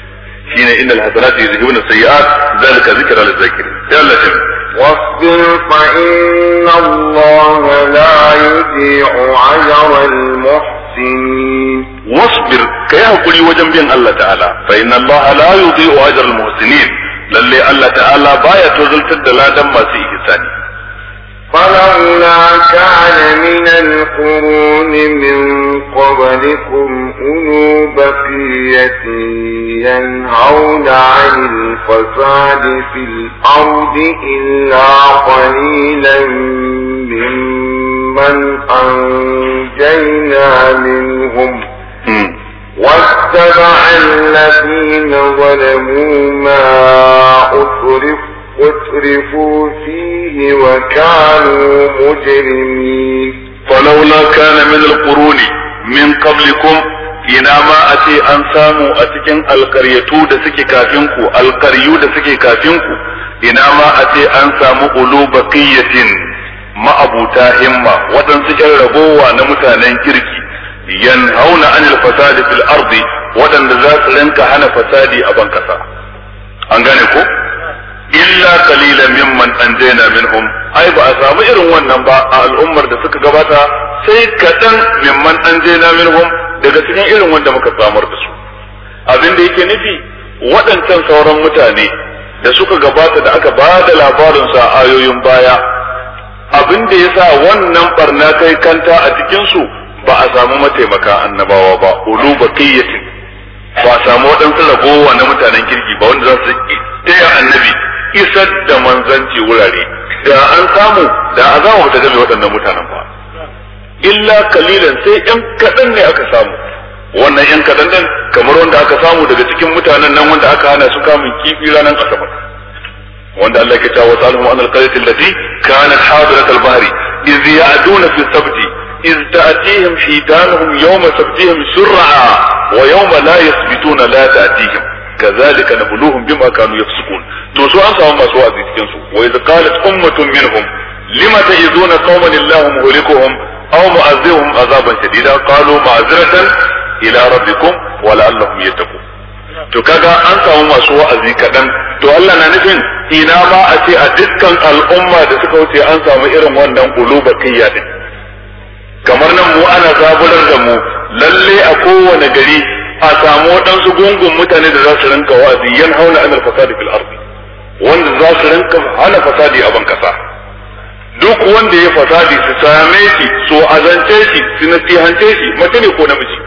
shine innal hasanatu yuzhibuna sayyi'at zalika zikra lil zakirin sai Allah ya واصبر فإن الله لا يضيع أجر المحسنين واصبر كي هكولي وجنبين الله تعالى فإن الله لا يضيع أجر المحسنين lalle Allah ta'ala baya tozaltar da ladan masu ihsani فلولا كان من القرون من قبلكم أولو بقية ينهون عن الفساد في الأرض إلا قليلا ممن أنجينا منهم واتبع الذين ظلموا ما أترف أترفوا فيه وكانوا مجرمين فلولا كان من القرون من قبلكم ina ma a ce an samu a cikin alkaryatu da suke kafinku alkaryu da suke kafinku ina ma a ce an samu ulu baqiyatin ma'abuta himma waɗansu yan ragowa na mutanen kirki Yan hau yanhauna anil fasadi fil ardi waɗanda za su rinka hana fasadi a ban kasa an gane ko illa qalilan mimman anjayna minhum ai ba a samu irin wannan ba a al'ummar da suka gabata sai kaɗan mimman anjayna minhum daga cikin irin wanda muka samar da su abin da yake nufi waɗancan sauran mutane da suka gabata da aka ba da labarinsa a ayoyin baya abin da ya sa wannan barna kai kanta a cikinsu ba a samu mataimaka annabawa ba ulu baqiyatin ba a samu waɗansu ragowa na mutanen kirki ba wanda za su taya annabi isar da manzanci wurare da an samu da azama ba ta game waɗannan mutanen ba illa kalilan sai ƴan kaɗan ne aka samu wannan ƴan kaɗan ɗin kamar wanda aka samu daga cikin mutanen nan wanda aka hana su kamun kifi ranar asabar wanda Allah ya cewa wa alhum an alqaryati allati kanat hadirat albahri iz ya'duna fi sabti إذ تأتيهم حيتانهم يوم سبتهم شرعا ويوم لا يثبتون لا تأتيهم كذلك نبلوهم بما كانوا يفسقون to su an samu masu wa'azi cikin su wa idh qalat ummatun minhum lima ta'izuna qauman illahu muhlikuhum aw mu'azzihum azaban shadida qalu to kaga an samu masu wa'azi kaɗan. to Allah na nufin ina ma a ce a dukkan al'umma da suka wuce an samu irin wannan ulubatiyya din kamar nan mu ana zaburar da mu lalle a kowane gari a samu waɗansu gungun mutane da za su rinka wa'azi yan haula anar fasadi fil ardi wanda za su rinka hana fasadi a ban duk wanda ya fasadi su same shi su azance shi su nasihance shi mace ne ko namiji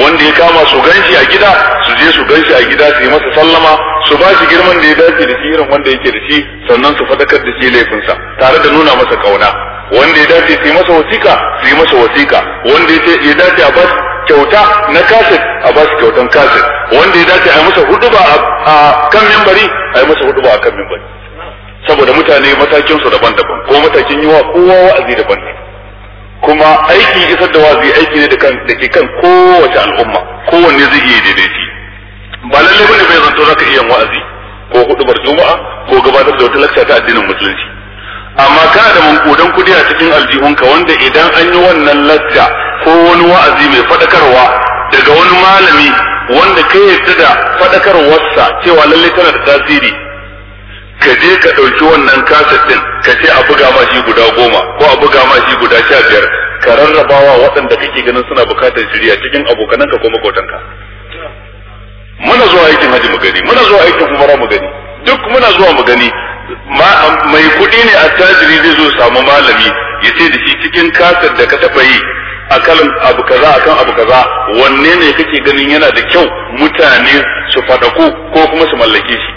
wanda ya kama su ganshi a gida su je su ganshi a gida su yi masa sallama su ba shi girman da ya dace da shi irin wanda yake da shi sannan su fadakar da shi laifinsa tare da nuna masa kauna wanda ya dace su yi masa wasiƙa su yi masa wasiƙa wanda ya dace a bas kyauta na kaset a bas kyautan kaset wanda ya dace a yi masa huduba a kan mimbari a yi masa huduba a kan mimbari saboda mutane matakin su daban-daban ko matakin yiwa kowa wa'azi daban ne kuma aiki isar da wa'azi aiki ne da ke kan kowace al'umma kowanne zai iya daidaiti ba lallai bane bai zanto zaka iya wa'azi ko hudubar juma'a ko gabatar da wata lakca ta addinin musulunci amma ka da mankudan kudi a cikin aljihunka wanda idan an yi wannan lacca ko wani wa'azi mai faɗakarwa daga wani malami wanda ka yarda da faɗakarwarsa cewa lallai tana da tasiri ka je ka ɗauki wannan kaset ɗin ka ce a buga ma shi guda goma ko a buga ma shi guda sha biyar ka rarrabawa waɗanda kake ganin suna bukatar shirya cikin abokananka ko makotanka muna zuwa aikin haji mu gani muna zuwa aikin umara mu gani duk muna zuwa mu gani mai kuɗi ne a tajiri zai zo samu malami ya ce da shi cikin kasar da ka taɓa yi a kan abu kaza akan abu kaza wanne ne kake ganin yana da kyau mutane su fada ko kuma su mallake shi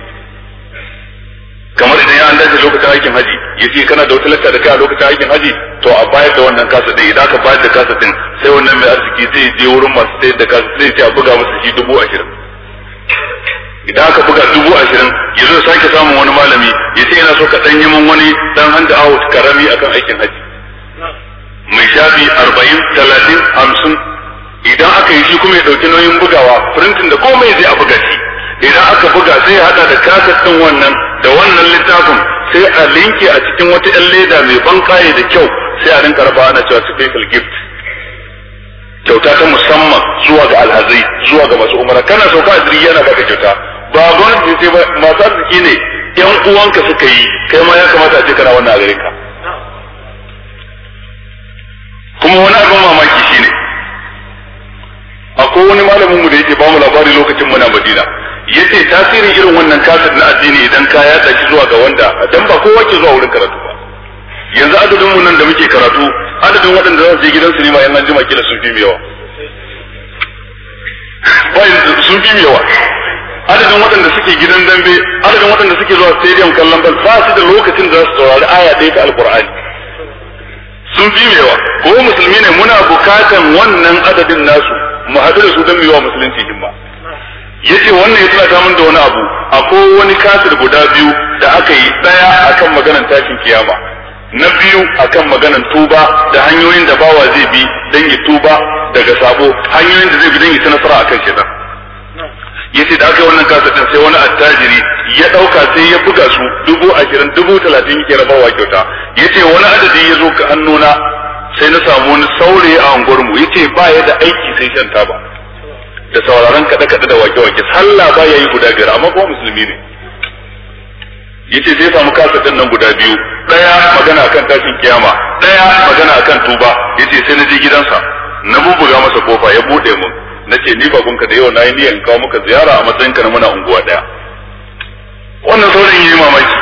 kamar idan ya an lokacin aikin haji ya ce kana da wata lakka da kai a lokacin aikin haji to a bayar da wannan kasa din idan ka bayar da kasa din sai wannan mai arziki zai je wurin masu sayar da kasa zai ce a buga masa shi dubu ashirin idan aka buga dubu ashirin ya zo sake samun wani malami ya ce yana so ka ɗan yi min wani ɗan handa awo karami akan aikin haji mai shafi arba'in talatin hamsin idan aka yi shi kuma ya ɗauki nauyin bugawa firintin da komai zai a buga shi idan aka buga sai ya haɗa da kaset ɗin wannan da wannan littafin sai a linke a cikin wata 'yan leda mai ban ƙaye da kyau sai a rinka rafa ana cewa special gift kyauta ta musamman zuwa ga alhazai zuwa ga masu umara kana sauka a jirgi yana baka kyauta ba gwamnati ce ba masu arziki ne yan uwanka suka yi kai ma ya kamata a ce kana wannan gare ka kuma wani abin mamaki shi A akwai wani malamin mu da yake mu labari lokacin muna Madina ya ce tasirin irin wannan kasar na addini idan ka ya shi zuwa ga wanda dan ba kowa ke zuwa wurin karatu ba yanzu adadin mu nan da muke karatu adadin waɗanda za su je gidan su nema yan an jima kila sun fi yawa bayan sun fi yawa adadin waɗanda suke gidan dambe adadin waɗanda suke zuwa stadium kallon bal ba su da lokacin da za su taurari aya ɗaya ta alkur'ani sun fi mewa ko musulmi ne muna bukatan wannan adadin nasu mu haɗu da su don mewa musulunci himma Ya ce wannan ya tana ta da wani abu akwai wani kasir guda biyu da aka yi ɗaya akan maganar tashin kiyama na biyu akan maganar tuba da hanyoyin da bawa zai bi don yi tuba daga sabo hanyoyin da zai bi don ya ta nasara akan shedan yace da aka wannan kasa sai wani attajiri ya dauka sai ya buga su dubu ashirin dubu talatin yake rabawa kyauta yace wani adadi ya zo ka hannuna sai na samu wani saurayi a unguwar mu yace ba ya da aiki sai shan taba da sauraron kada kada da wake wake sallah ba yayi guda biyar amma kuma musulmi ne yace sai samu kasa nan guda biyu daya magana akan tashin kiyama daya magana akan tuba yace sai na je gidansa na bubuga masa kofa ya bude mu. nace ni babanka da yau nayi niyan kawo maka ziyara a matsayin ka na muna unguwa daya wannan saurayin yayi mamaki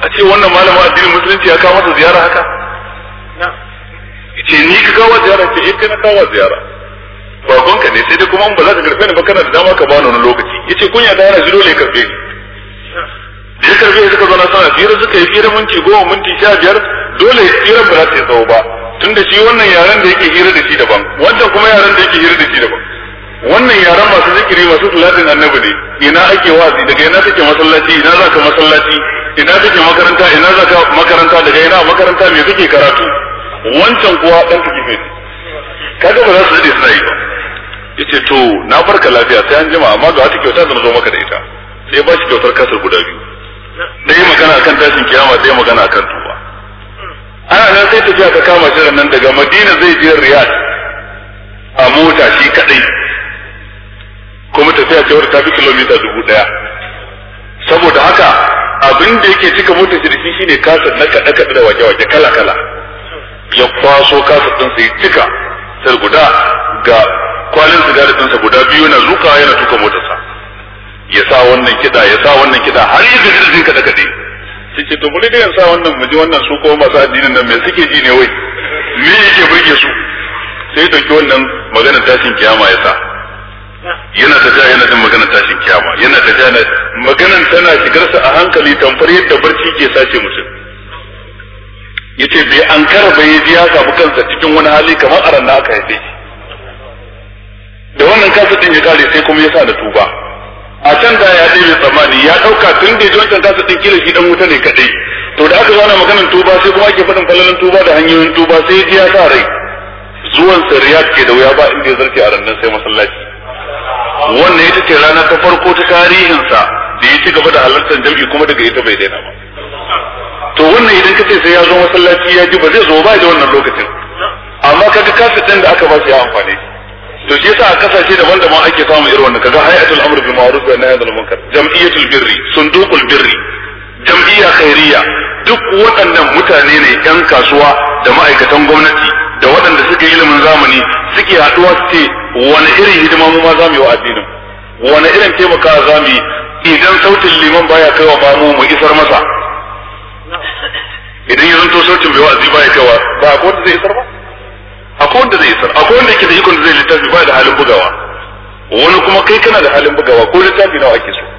a ce wannan malama addinin musulunci ya kawo masa ziyara haka ce ni ka kawo ziyara ce eh kai na kawo ziyara babanka ne sai dai kuma in ba za ka karfe ni ba kana da dama ka bani wani lokaci yace kunya da yana dole ya karfe ni da ya karfe suka zo na sana fira suka yi fira minti goma minti sha biyar dole firan ba za ta yi tsawo ba tunda shi wannan yaren da yake hira da shi daban wannan kuma yaren da yake hira da shi daban wannan yaran masu zikiri masu tulatin annabi ne ina ake wazi daga ina take masallaci ina za ka masallaci ina take makaranta ina za ka makaranta daga ina makaranta me kake karatu wancan kuwa dan kake kai kaga ba za su ji suna yi ba yace to na farka lafiya sai an jima amma ga wata kyauta zan zo maka da ita sai ba shi kyautar kasar guda biyu dai magana akan tashin kiyama dai magana akan tuba ana nan sai tafiya ka kama shirin nan daga madina zai je riyad a mota shi kadai kuma tafiya ce ta fi kilomita dubu ɗaya saboda haka abin da yake cika mota jirgi da shi shine kasar na kaɗe kaɗe da wake wake kala kala ya kwaso kasar din sai cika sai guda ga kwalin sigari ɗinsa guda biyu na zukawa yana tuka sa. ya sa wannan kiɗa ya sa wannan kiɗa har yi jirgin kaɗe kaɗe sai ce to bari da yan sa wannan mu ji wannan su kuma masu addinin nan me suke ji ne wai me yake burge su sai ya ɗauki wannan maganar tashin kiyama ya sa yana ja yana jin maganar tashin kiyama yana ja na maganar tana shigarsa a hankali tamfar yadda barci ke sace mutum yace bai an karba bai ji ya samu kansa cikin wani hali kamar aran da aka haife shi da wannan kasa din ya kare sai kuma ya sa da tuba a can da ya dai tsammani ya dauka tun da wancan kasa din kila shi dan wuta ne kadai to da aka zauna maganar tuba sai kuma ake faɗin falalan tuba da hanyoyin tuba sai ya ji ya sa rai zuwan sa riyad ke da wuya ba inda ya zarce a rannan sai masallaci wannan ita ce rana ta farko ta tarihinsa da ya ci gaba da halartar jam'i kuma daga ita bai daina ba to wannan idan ka ce sai ya zo masallaci ya ji ba zai zo ba da wannan lokacin amma kaga kasitin da aka ba shi ya amfani to shi yasa a kasashe daban-daban ake samu irin wannan kaga hayatul amr bil ma'ruf wa nahy anil munkar jam'iyyatul birri sunduqul birri jam'iyya khairiyya duk waɗannan mutane ne yan kasuwa da ma'aikatan gwamnati da waɗanda suke ilimin zamani suke haɗuwa su ce wani irin hidima mu ma zamu yi wa addinin wani irin taimaka mu yi idan sautin liman baya kaiwa ba mu mu isar masa idan ya zanto sautin bai wa'azi baya kaiwa ba akwai wanda zai isar ba akwai wanda zai isar akwai wanda yake da ikon da zai littafi ba da halin bugawa wani kuma kai kana da halin bugawa ko littafi nawa ake so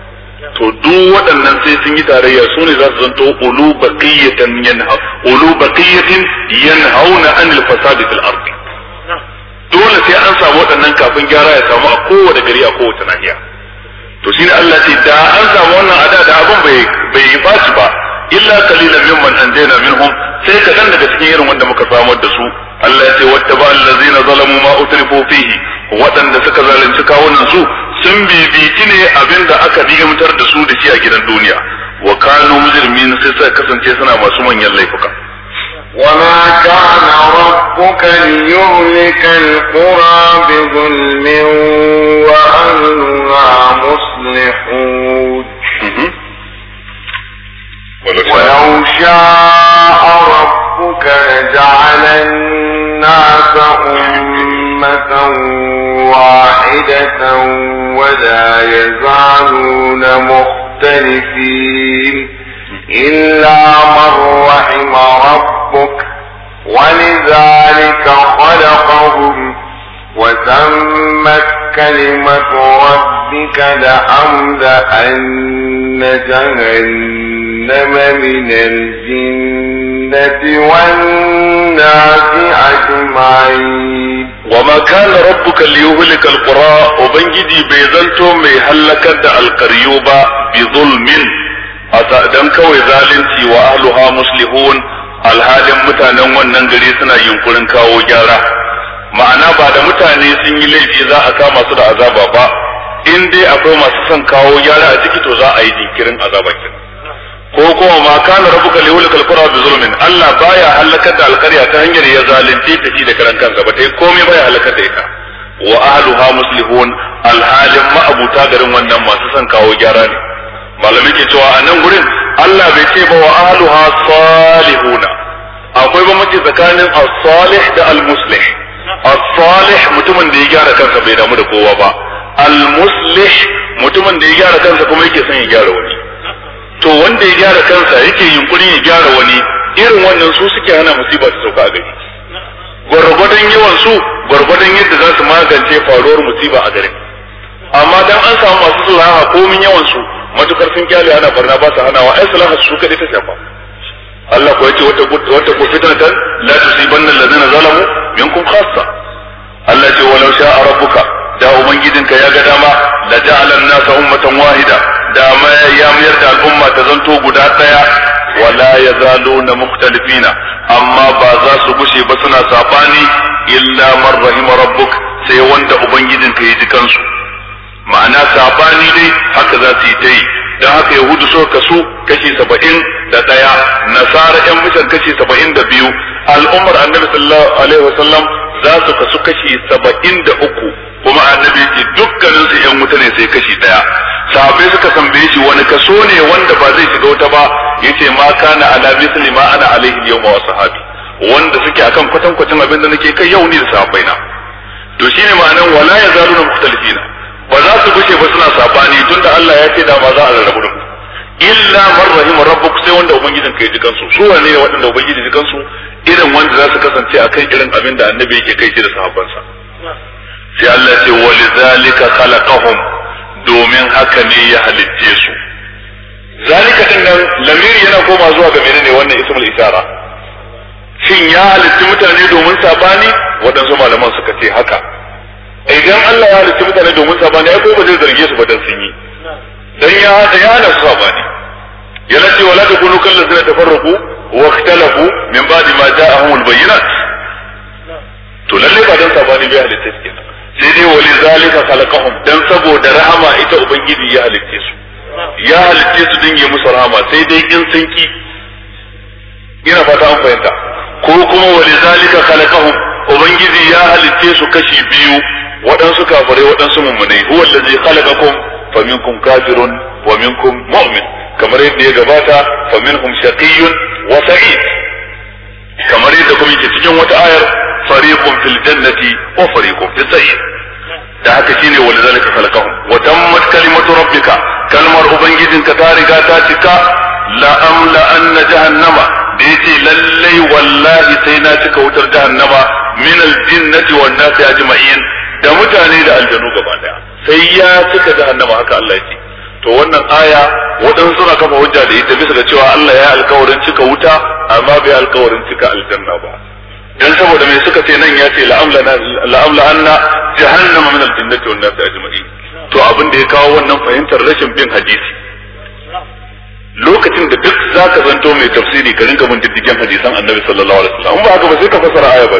to duk waɗannan sai sun yi tarayya su ne za su zanto ulu baqiyatan yanha ulu baqiyatin yanhauna anil fasadi fil ard dole sai an samu waɗannan kafin gyara ya samu a kowace gari a kowace nahiya to shine Allah ce da an samu wannan ada da abin bai bai yi basu ba illa qalilan mimman anjayna minhum sai kaɗan daga cikin irin wanda muka samar da su Allah ya ce wattaba allazina zalamu ma utrifu fihi waɗanda suka zalunci kawunan su sun bibiki ne abin da aka mutar da su da shi a gidan duniya wa kanu mujrimin sai suka kasance suna masu manyan laifuka وما كان ربك ليهلك القرى بظلم وأهلها مصلحون ولو شاء ربك لجعل الناس أمة أمة واحدة ولا يزعلون مختلفين إلا من رحم ربك ولذلك خلقهم وتمت كلمة ربك لأملأن جهنم من الجن الجنة والناس أجمعين وما كان ربك ليهلك القرى وبنجدي بيزنتو مي هلكت القريوبة بظلم أتأدم zalunci wa وأهلها مصلحون alhalin mutanen wannan gari suna yunkurin kawo gyara ma'ana ba da mutane sun yi laifi za a kama su da azaba ba in dai akwai masu son kawo gyara a ciki to za a yi jinkirin azaba ko kuma ma kana rabbuka liyulika alqura bi zulmin Allah baya halakar da alqarya ta hanyar ya zalunce ta shi da karan kansa ba ta komai baya halakar da ita wa ahluha muslihun alhalin ma'abuta garin wannan masu son kawo gyara ne malamai ke cewa a nan gurin Allah bai ce ba wa ahluha salihuna akwai ba bambanci tsakanin as-salih da al-muslih as-salih mutumin da ya gyara kansa bai damu da kowa ba al-muslih mutumin da ya gyara kansa kuma yake son ya gyara wani to wanda ya gyara kansa yake yunkuri ya gyara wani irin wannan su suke hana musiba ta sauka a gari gwargwadon yawan su gwargwadon yadda za su magance faruwar musiba a garin amma dan an samu masu sulaha komin yawan su matukar sun kyale ana barna ba su hanawa ai sulaha su kadai ta shafa Allah ko yace wata wata ko fitnatan la tusibanna allazina zalamu minkum khassa Allah ce walau sha'a rabbuka da ubangijinka ya ga dama la ja'ala an-nasa ummatan wahida da ya mayar da al'umma ta zanto guda daya wala na muktalifina amma ba za su gushe ba suna sabani illa man rahima rabbuk sai wanda ubangijin ka yi kansu ma'ana sabani dai haka za su yi ta yi don haka yahudu suka kasu kashi saba'in da ɗaya nasara yan mishan kashi saba'in da biyu al'ummar annabi sallallahu alaihi wasallam za su kasu kashi saba'in da uku kuma annabi ce dukkanin su yan wuta ne sai kashi ɗaya sahabbai suka tambaye shi wani kaso ne wanda ba zai shiga wuta ba yace ma kana ala misli ma ana alaihi yawma wa sahabi wanda suke akan kwatan kwatan abin da nake kai yau ni da sahabbai na to shine ma'anan wala yazaluna mukhtalifina ba za su gushe ba suna sabani tunda Allah ya ce da ba za a rarrabu da illa man rahima rabbuk sai wanda ubangijin ka ya ji kansu su wane ne waɗanda ubangiji ya ji kansu irin wanda za su kasance akan irin abin da annabi yake kai shi da sahabbansa sai Allah ce walizalika khalaqahum domin haka ne ya halicce su zalika din nan lamiri yana koma zuwa ga menene wannan ismul isara shin ya halicci mutane domin sabani waɗansu malaman suka ce haka idan Allah ya halicci mutane domin sabani ai ko ba zai zarge su ba dan sun yi dan ya hada ya hana sabani yana ce wala takunu kallazina tafarraqu wa ikhtalafu min ba'di ma ja'ahumul bayyinat to lalle ba dan sabani bai halitta suke sai dai wali zalika khalaqahum dan saboda rahama ita ubangiji ya halicce su ya halicce su din ya musu rahama sai dai in sun ki ina fata an fahimta ko kuma wali zalika khalaqahum ubangiji ya halicce su kashi biyu waɗansu kafirai waɗansu mummunai huwa allazi khalaqakum faminkum kafirun wa minkum mu'min kamar yadda ya gabata faminhum shaqiyyun wa sa'id kamar yadda kuma yake cikin wata ayar fariqun fil jannati wa fariqun fis sa'id da haka shine walidhalika khalaqahum wa tammat kalimatu rabbika kalmar ubangijinka ta riga ta cika la amla anna jahannama da yace lallai wallahi sai na cika wutar jahannama min aljinnati wan nasi ajma'in da mutane da aljanu gaba daya sai ya cika jahannama haka Allah ya to wannan aya waɗansu na kafa hujja da ita bisa ga cewa Allah ya alkawarin cika wuta amma bai alkawarin cika aljanna ba dan saboda mai suka ce nan ya ce la'amla anna jahannama min al-jannati wan nas ajma'in to abin da ya kawo wannan fahimtar rashin bin hadisi lokacin da duk zaka zanto mai tafsiri ka rinka bin diddigen hadisan annabi sallallahu alaihi wasallam ba haka ba sai ka fasara aya ba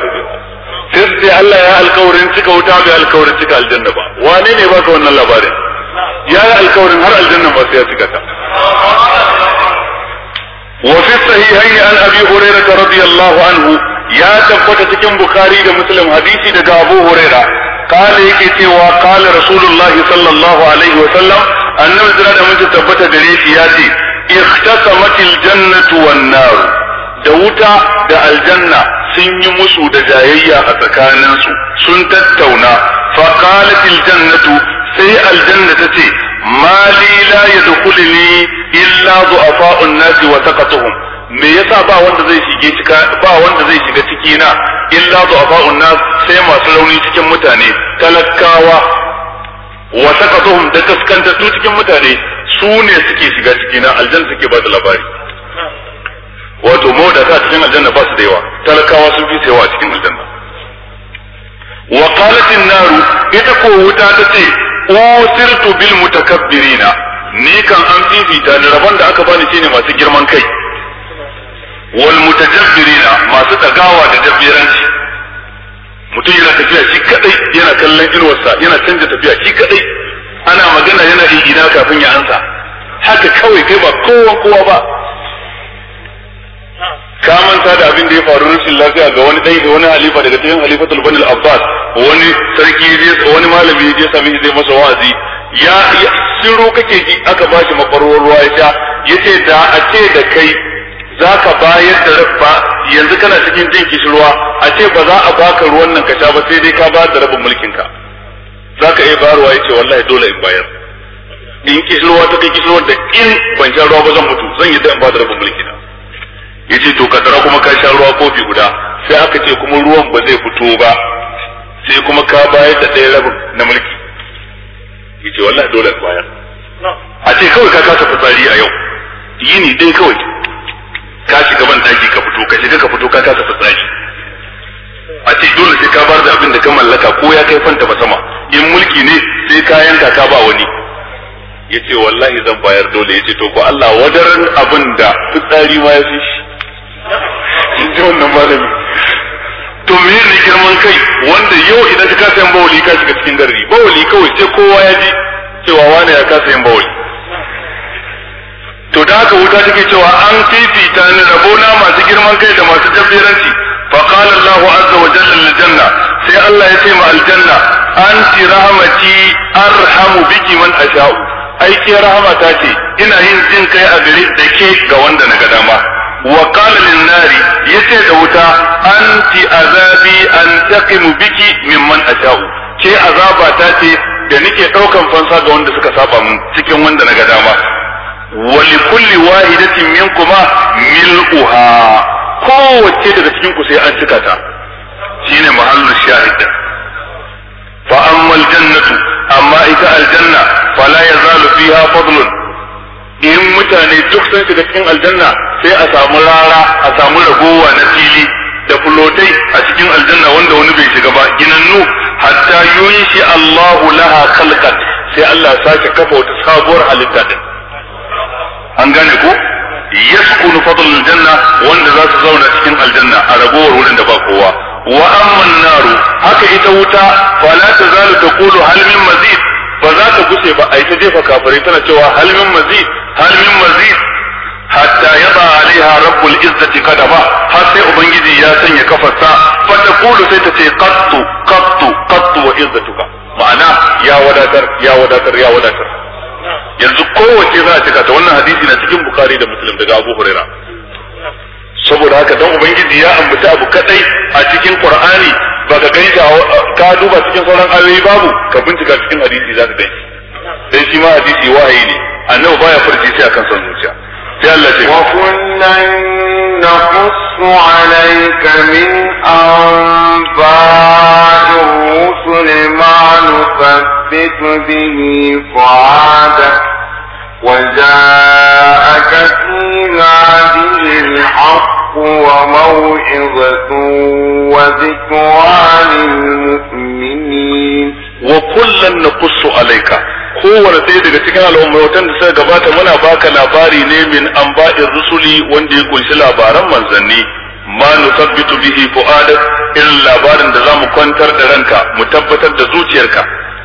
sai sai Allah ya alkawarin cika wuta bai alkawarin cika aljanna ba wane ne baka wannan labarin ya yi alkawarin har aljanna ba sai ya cika ta وفي الصحيحين عن ابي هريره رضي الله عنه ya tabbata cikin bukhari da muslim hadisi daga abu huraira kala yake cewa kala rasulullahi sallallahu alaihi wa sallam annabi jira da mutum tabbata gare shi ya ce ikhtasamatil jannatu wan nar da wuta da aljanna sun yi musu da jayayya a tsakaninsu sun tattauna fa qalatil jannatu sai aljanna ta ce ma li la yadkhuluni illa du'afa'un nasi wa taqatuhum me yasa ba wanda zai shige cika ba wanda zai shiga ciki na illa du'afa'un nas sai masu rauni cikin mutane talakawa wa sakatuhum da kaskanta su cikin mutane su ne suke shiga ciki na aljanna suke ba da labari wato ta cikin aljanna ba su da yawa talakawa sun fi yawa cikin aljanna wa qalat naru ita ko wuta ta ce usirtu bil mutakabbirina ni kan an fifita ni rabon da aka bani shine masu girman kai wal mutajabbirina masu dagawa da jabbiranci mutum yana tafiya shi kadai yana kallon inuwarsa yana canja tafiya shi kadai ana magana yana ina kafin ya ansa haka kawai kai ba kowa kowa ba ka manta da abin da ya faru rashin lafiya ga wani dai wani halifa daga cikin halifatul bani al-abbas wani sarki wani malami ya je sami zai masa wa'azi ya shiro kake ji aka bashi makwarwar ruwa ya sha yace da a ce da kai za ka bayar da rabba yanzu kana cikin jin kishirwa a ce ba za a baka ruwan nan ka sha ba sai dai ka ba da rabin mulkin ka za ka iya bayarwa ya ce wallahi dole in bayar in kishirwa ta kai kishirwa da in ban sha ruwa ba zan mutu zan yi da in ba da rabin mulkin na ya ce to tara kuma ka sha ruwa kofi guda sai aka ce kuma ruwan ba zai fito ba sai kuma ka bayar da ɗaya rabin na mulki ya ce wallahi dole in bayar a ce kawai ka kasa fitsari a yau yini dai kawai ka shiga ban daki ka fito ka shiga ka fito ka kasa fitsari a ce dole sai ka bar da abin da ka mallaka ko ya kai fanta ba sama in mulki ne sai ka yanka ka ba wani yace wallahi zan bayar dole yace to ko Allah wadaran abin da fitsari ma ya fi shi in ji wannan malami to me ne girman kai wanda yau idan ka kasa yin bawali ka shiga cikin garri bawali kawai sai kowa ya ji cewa wani ya kasa yin bawali to da haka wuta take cewa an fifita ni rabona masu girman kai da masu jabiranci, fa qala Allahu azza wa jalla lil janna sai Allah ya ce ma aljanna anti rahmati arhamu biki man asha'u ai ke rahama ta ce ina yin jin kai a gare da ke ga wanda na ga dama wa qala lin nari yace da wuta anti azabi taqimu biki mimman asha'u ce azaba ta ce da nike daukan fansa ga wanda suka saba mun cikin wanda na ga dama wa li kulli wahidatin minkuma mil'uha kowace daga cikin sai an cika ta shine muhallin shahid fa amma aljannatu amma ita aljanna fala yazalu fiha fadlun in mutane duk sun shiga cikin aljanna sai a samu rara a samu ragowa na fili da fulotai a cikin aljanna wanda wani bai shiga ba nu, hatta yunshi Allahu laha sai Allah sake kafa wata sabuwar halitta an gane ko kunu fadlul janna wanda za su zauna cikin aljanna a ragowar wurin da ba kowa wa amma naru haka ita wuta falata tazalu taqulu hal min mazid ba za ta kuse ba ai ta jefa kafirai tana cewa hal min mazid hal min mazid hatta yaba alaiha rabbul izzati qadama har sai ubangiji ya sanya kafarsa fa taqulu sai ta ce qattu qattu qattu wa izzatuka ma'ana ya wadatar ya wadatar ya wadatar yanzu kowace za a cika ta wannan hadisi na cikin bukari da musulun daga abu huraira saboda haka dan ubangiji ya ambata abu kadai a cikin qur'ani ba ka gani ka duba cikin sauran ayoyi babu ka bincika cikin hadisi za ka gani sai shi ma hadisi wahayi ne annabi baya farji sai akan son zuciya sai Allah ce wa kullan naqussu alayka min anba'ir rusul ma تثبت به فؤادك وجاءك في هذه الحق وموعظة وذكرى للمؤمنين وكلا نقص عليك kowane ɗaya daga cikin al'ummatan da suka gabata muna baka labari ne min an ba'in rusuli wanda ya kunshi labaran manzanni ma nusabbitu bihi fu'adak irin labarin da zamu kwantar da ranka mu tabbatar da zuciyarka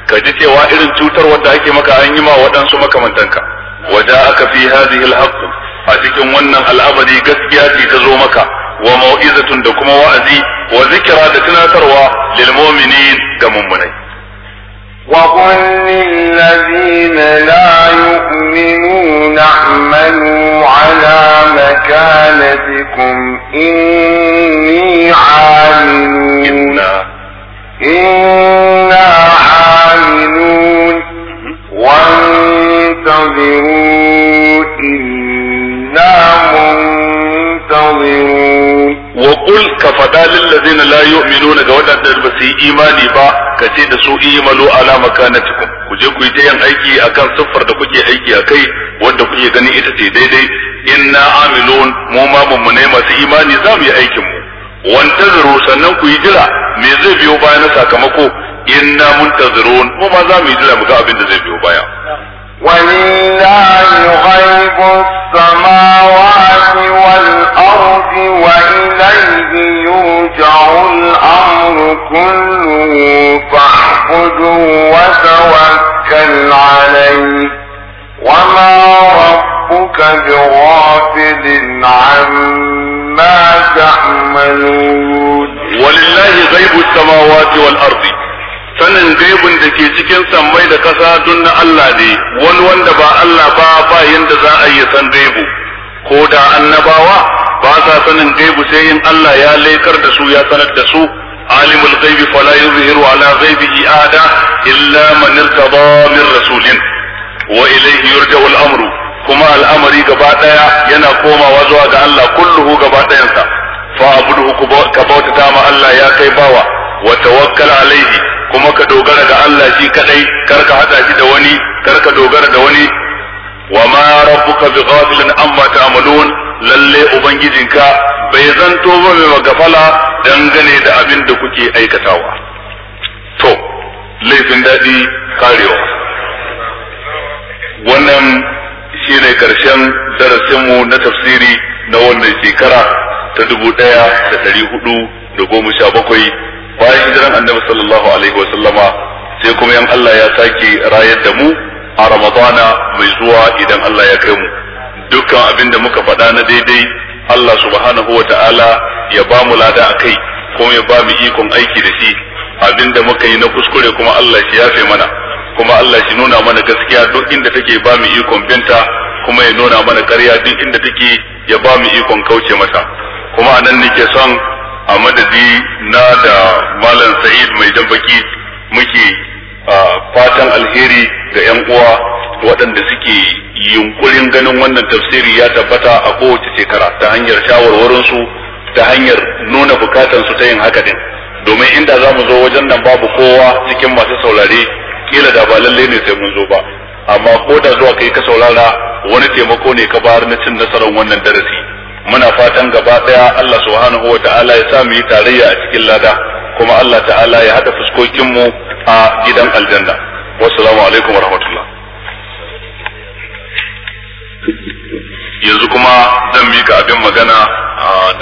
ka ji cewa irin cutar wanda ake maka an yi ma waɗansu makamantanka waja aka fi hadhihi alhaq a cikin wannan al'amari gaskiya ce ta zo maka wa mau'izatun da kuma wa'azi wa zikira da tunatarwa lil mu'minin ga mummunai وقل للذين لا يؤمنون اعملوا على مكانتكم إني عامل إنا يعلمون وانتظروا إنا منتظرون وقل كفدا للذين لا يؤمنون قولا تلبسي إيماني با كتيد سوء إيمانوا على مكانتكم kuje ku yi ta yin aiki akan siffar da kuke aiki a kai wanda kuke gani ita ce daidai In amilun mu ma masu imani za mu yi aikin mu wantaziru sannan ku yi jira me zai biyo bayan sakamako إنا منتظرون وما ma za mu yi jira mu ولله غيب السماوات والأرض وإليه يرجع الأمر كله فاعبده وتوكل عليه وما ربك بغافل عما تعملون ولله غيب السماوات والأرض sanin gaibun da ke cikin sammai da kasa tun na Allah ne wani wanda ba Allah ba ba yadda za a yi san gaibu ko da annabawa ba sa sanin gaibu sai yin Allah ya laikar da su ya sanar da su alimul ghaibi fala yuzhiru ala ghaibihi ada, illa man irtada min rasulin wa ilayhi yurja'u al-amru kuma al'amari gaba daya yana komawa zuwa ga Allah kulluhu gaba dayansa fa abuduhu ka bautata ma Allah ya kai bawa wa tawakkal alaihi kuma ka dogara ga Allah shi kadai kar ka hada shi da wani kar ka dogara da wani wa ma rabbuka bighafilin amma ta'malun lalle ubangijinka bai zanto ba mai magafala dangane da abin da kuke aikatawa to laifin daɗi karewa wannan shi ne karshen darasinmu na tafsiri na wannan shekara ta dubu ɗaya da ɗari hudu da goma sha bakwai bayan hijiran annabi sallallahu alaihi wa sallama sai kuma yan Allah ya sake rayar da mu a ramadana mai zuwa idan Allah ya kai mu dukkan abin da muka faɗa na daidai Allah subhanahu wa ta'ala ya ba mu lada a kai kuma ya ba mu ikon aiki da shi abin da muka yi na kuskure kuma Allah shi yafe mana kuma Allah shi nuna mana gaskiya duk inda take ba mu ikon binta kuma ya nuna mana ƙarya duk inda take ya ba mu ikon kauce masa kuma anan nake son a madadi na da malam sa'id mai jambaki muke fatan alheri ga 'yan uwa waɗanda suke yunkurin ganin wannan tafsiri ya tabbata a kowace shekara ta hanyar shawarwarinsu ta hanyar nuna bukatansu ta yin haka din domin inda za mu zo wajen nan babu kowa cikin masu saurare kila da ba lalle ne sai mun zo ba amma ko da zuwa kai ka saurara wani taimako ne ka bayar na cin nasarar wannan darasi muna fatan gaba daya Allah subhanahu wa ta'ala ya sa mu yi tarayya a cikin lada kuma Allah ta'ala ya haɗa fuskokinmu a gidan aljanna wassalamu alaikum wa rahmatullah yanzu kuma zan mika abin magana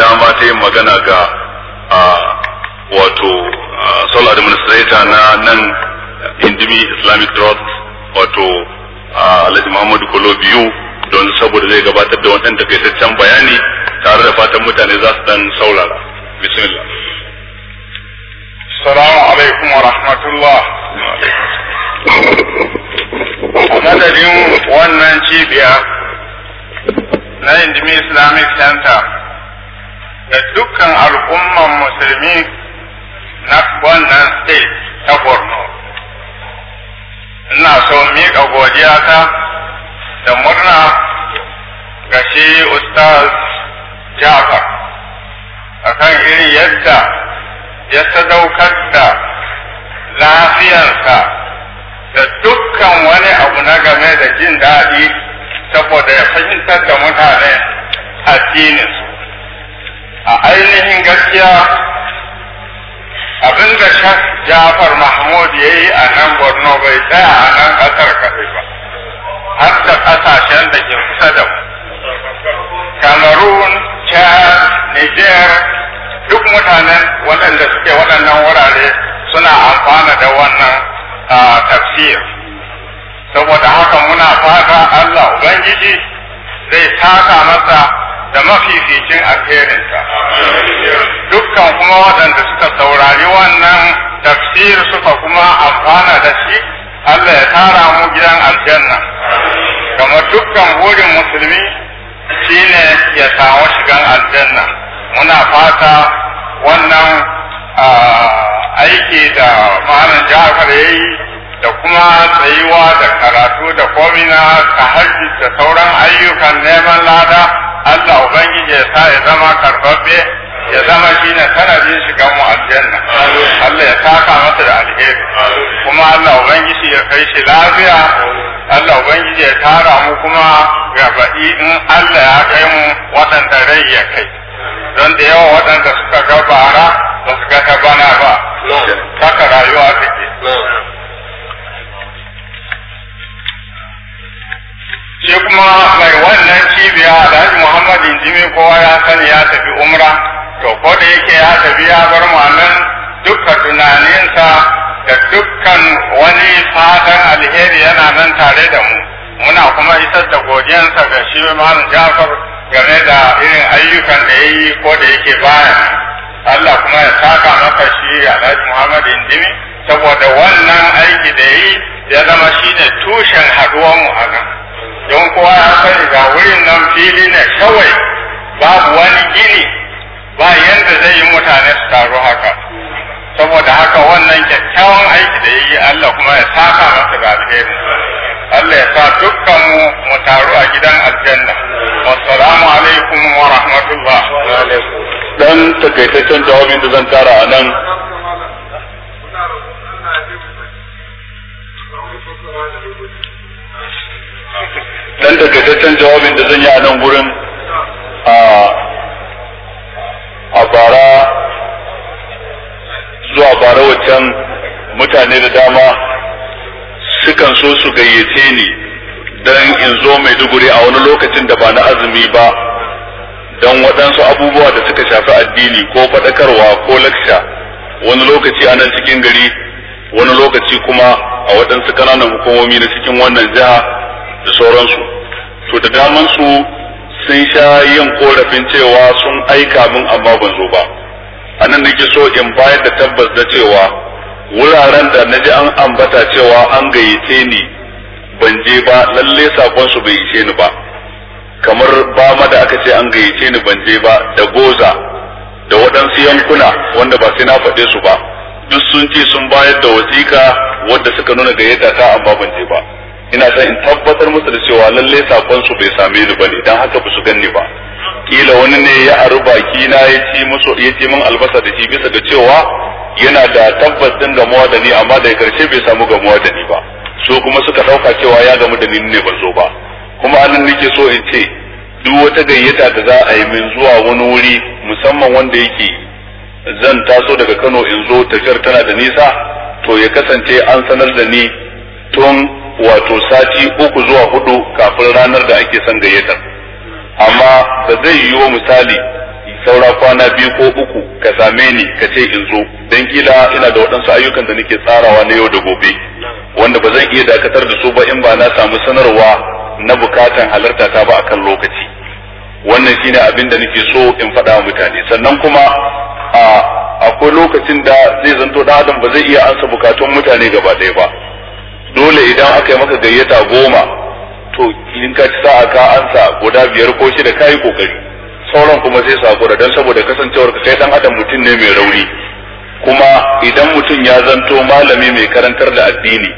dama ta yin magana ga wato solar administrator na nan indimi islamic trust wato alhaji muhammadu kolo biyu don saboda zai gabatar da wannan takaitaccen bayani tare da fatan mutane za su dan saurara bismillah assalamu alaikum wa rahmatullah madadin wannan cibiya na indimi islamic center da dukkan al'umman musulmi na wannan state ta borno ina so miƙa godiya ta da murna ga shi ustaz Jafar kan irin yadda ya sadaukar da lafiyarsa da dukkan wani abu na game da jin daɗi saboda ya fahimtar da mutane addininsu a ainihin gaskiya abin da Jafar Mahmud ya yi a nan Borno bai tsaya a nan ƙasar kaɗai ba. har da ƙasashen da ke kusa da mu Cameroon, Chad, Niger duk mutanen waɗanda suke waɗannan wurare suna amfana da wannan tafsir saboda haka muna fata Allah Ubangiji zai taka masa da mafificin alherinta. dukkan kuma waɗanda suka saurari wannan tafsir suka kuma amfana da shi Allah ya tara mu gidan aljanna kamar dukkan burin musulmi shine ya samu shigan aljanna muna fata wannan aiki da malam jafar ya yi da kuma tsayuwa da karatu da komina ta hajji da sauran ayyukan neman lada Allah Ubangiji ya sa ya zama karbabbe ya zama shi ne sanadin shigan mu aljanna Allah ya saka masa da alheri kuma Allah ubangiji ya kai shi lafiya Allah ubangiji ya tara mu kuma gabaɗi in Allah ya kai mu waɗanda rai ya kai don da yawa waɗanda suka ga bara ba su ga ta bana ba saka rayuwa take shi kuma mai wannan cibiya alhaji muhammad jimi kowa ya sani ya tafi umra to ko da yake ya tafi ya bar mu nan duka tunaninsa da dukkan wani fatan alheri yana nan tare da mu muna kuma isar da godiyansa ga shi malam Jafar game da irin ayyukan da ya yi ko da yake baya Allah kuma ya saka maka shi Alhaji Muhammad Indimi saboda wannan aiki da ya yi ya zama shi ne tushen haduwar mu haka don kowa ya sani ga wurin nan fili ne kawai babu wani gini ba yadda zai yi mutane su taru haka saboda haka wannan kyakkyawan aiki da yi Allah kuma ya saka masa da alheri Allah ya sa dukkan mu mu taru a gidan aljanna wassalamu alaikum wa rahmatullah dan takaitaccen jawabin da zan tara a nan dan takaitaccen jawabin da zan yi a nan gurin a a bara zuwa bara waccan mutane da dama sukan so su gayyace ni don in zo mai duguri a wani lokacin da ba na azumi ba don waɗansu abubuwa da suka shafi addini ko faɗakarwa ko laksha wani lokaci a nan cikin gari wani lokaci kuma a waɗansu ƙananan hukumomi na cikin wannan jiha da sauransu to da damansu sun sha yin korafin cewa sun aika min amma ban zo ba a nan nake so in bayar da tabbas da cewa wuraren da na ji an ambata cewa an gayyace ni ban je ba lalle sakon su bai ishe ni ba kamar ba ma da aka ce an gayyace ni ban je ba da goza da waɗansu yankuna wanda ba sai na faɗe su ba duk sun ce sun bayar da wasiƙa wadda suka nuna gayyata ta amma ban je ba ina son in tabbatar musu da cewa lalle sakon su bai same ni bane dan haka ba su ganni ba kila wani ne ya ari baki na ya ci musu ya ci min albasa da shi bisa ga cewa yana da tabbas din gamuwa da ni amma da karshe bai samu gamuwa da ni ba so kuma suka dauka cewa ya gamu da ni ne ban zo ba kuma anan nake so in ce duk wata gayyata da za a yi min zuwa wani wuri musamman wanda yake zan taso daga Kano in zo tafiyar tana da nisa to ya kasance an sanar da ni tun wato sati uku zuwa hudu kafin ranar da ake son gayyatar amma da zai yi wa misali saura kwana biyu ko uku ka same ni ka ce in zo don kila ina da waɗansu ayyukan da nake tsarawa na yau da gobe wanda ba zan iya dakatar da su ba in ba na samu sanarwa na bukatan halarta ta ba akan lokaci wannan shine abin da nake so in faɗa wa mutane sannan kuma a akwai lokacin da zai zanto ɗan adam ba zai iya ansa bukatun mutane gaba ɗaya ba dole idan aka yi maka gayyata goma to in ka ci sa'a ka ansa guda biyar ko shida ka yi kokari sauran kuma sai su hakura don saboda kasancewar ka kai dan adam mutum ne mai rauni kuma idan mutum ya zanto malami mai karantar da addini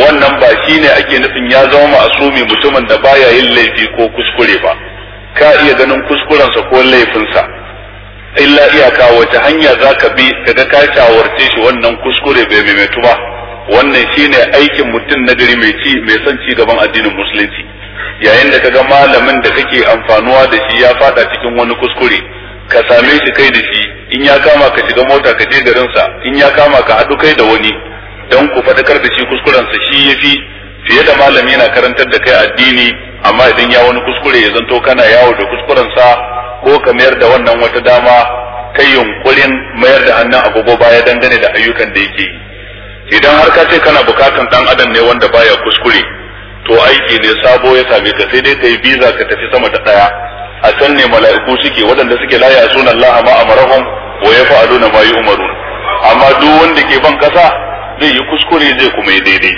wannan ba shi ne ake nufin ya zama ma'asumi mutumin da baya yin laifi ko kuskure ba ka iya ganin kuskurensa ko laifinsa illa iyaka wace hanya za ka bi daga ka shawarce shi wannan kuskure bai maimaitu ba wannan shine aikin mutum na gari mai ci mai son ci gaban addinin musulunci yayin da kaga malamin da kake amfanuwa da shi ya fada cikin wani kuskure ka same shi kai da shi in ya kama ka shiga mota ka je garinsa in ya kama ka haɗu kai da wani don ku faɗakar da shi kuskurensa shi ya fiye da malami yana karantar da kai addini amma idan ya wani kuskure ya zanto kana yawo da kuskuren sa ko ka mayar da wannan wata dama kai yunkurin mayar da hannun agogo baya dangane da ayyukan da yake yi idan har ka ce kana bukatan dan adam ne wanda baya kuskure to aiki ne sabo ya same ka sai dai kai biza ka tafi sama da daya a can ne mala'iku suke waɗanda suke la ya'suna Allah ma amarahum wa yaf'aluna ma yu'marun amma duk wanda ke ban kasa zai yi kuskure zai kuma yi daidai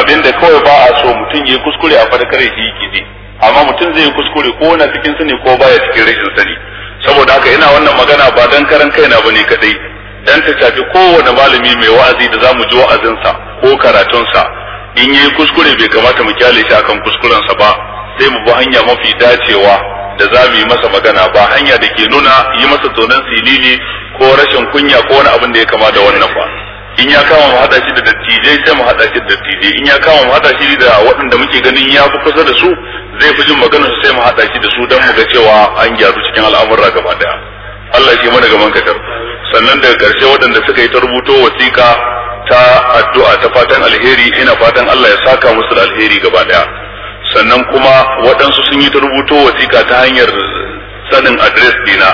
abinda kawai ba a so mutum yi kuskure a fadakar shi kidi amma mutum zai yi kuskure ko wani cikin sani ko baya cikin rashin sani saboda haka ina wannan magana ba dan karan kaina bane kadai dan ta shafi kowane malami mai wa'azi da zamu ji wa'azinsa ko karatunsa in yi kuskure bai kamata mu kyale shi akan kuskurensa ba sai mu bi hanya mafi dacewa da za mu yi masa magana ba hanya da ke nuna yi masa tonan silili ko rashin kunya ko wani abin da ya kama da wannan ba in ya kama mu hada shi da dattijai sai mu hada shi da dattijai in ya kama mu hada shi da waɗanda muke ganin ya fi kusa da su zai fi jin maganar sai mu hada shi da su don mu ga cewa an gyaru cikin al'amura gaba daya Allah shi mana gaban ka karfi sannan daga ƙarshe waɗanda suka yi ta rubuto wasiƙa ta addu'a ta fatan alheri ina fatan Allah ya saka musu da alheri gaba ɗaya sannan kuma waɗansu sun yi ta rubuto wasiƙa ta hanyar sanin adres dina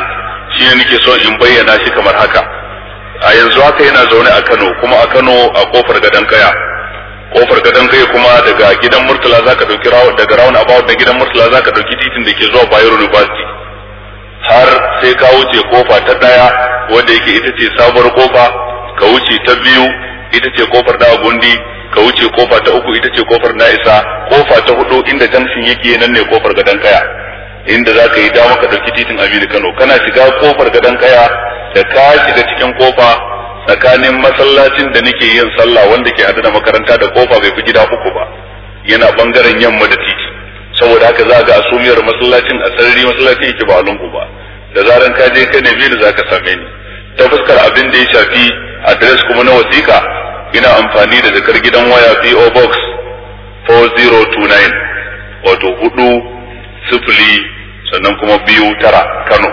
shi ne nake so in bayyana shi kamar haka a yanzu haka yana zaune a Kano kuma a Kano a kofar gadon kaya kofar gadon kai kuma daga gidan murtala zaka dauki daga rawun about da gidan murtala zaka dauki titin da ke zuwa Bayero University har sai ka wuce kofa ta daya wanda yake ita ce sabuwar kofa ka wuce ta biyu ita ce kofar da gundi ka wuce kofa ta uku ita ce kofar na isa kofa ta hudu inda jamsin yake nan ne kofar gadan kaya inda za ka yi dama ka ɗauki titin Aminu Kano kana shiga kofar gadan kaya da ka shiga cikin kofa tsakanin masallacin da nake yin sallah wanda ke adana makaranta da kofa bai fi gida uku ba yana bangaren yamma da titi saboda haka za ga asumiyar masallacin a sarari masallacin yake ba a lungu ba da zaran ka je ne neme za ka same ni ta fuskar abin da ya shafi adres kuma na wasiƙa ina amfani da jakar gidan waya PO Box 4029 wato hudu sifili sannan kuma biyu tara Kano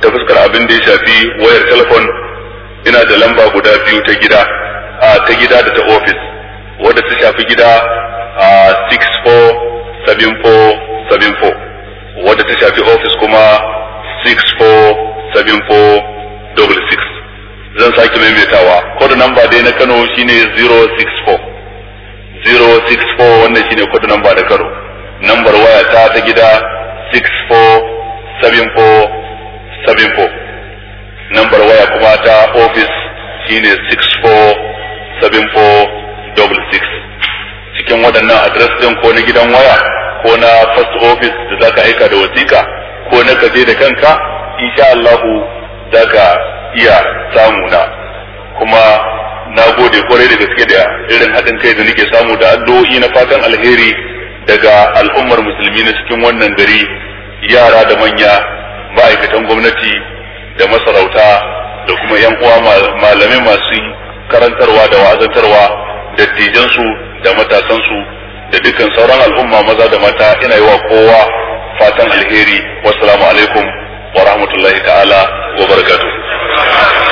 ta fuskar abin da ya shafi wayar telefon ina da lamba guda biyu ta gida a ta gida da ta ofis wadda ta shafi gida a 647474 wadda ta shafi ofis kuma 647466 zan sake maimaitawa kodin namba dai na Kano shine 064 064 wannan shine kodin namba da Kano nambar waya ta ta gida 647474 nambar waya kuma ta office shine 647466 cikin waɗannan adres ɗin ko na gidan waya ko na first office da zaka aika da wasiƙa ko na kaje da kanka insha Allahu za ka iya samu na kuma na gode kwarai da gaske da irin haɗin kai da nake samu da addu'o'i na fatan alheri daga al'ummar musulmi na cikin wannan gari yara da manya ma'aikatan gwamnati da masarauta da kuma 'yan uwa malamai masu karantarwa da wa'azantarwa dattijansu da matasansu da dukkan sauran al'umma maza da mata ina yi wa kowa fatan alheri wassalamu alaikum wa rahmatullahi ta'ala wa barakatuh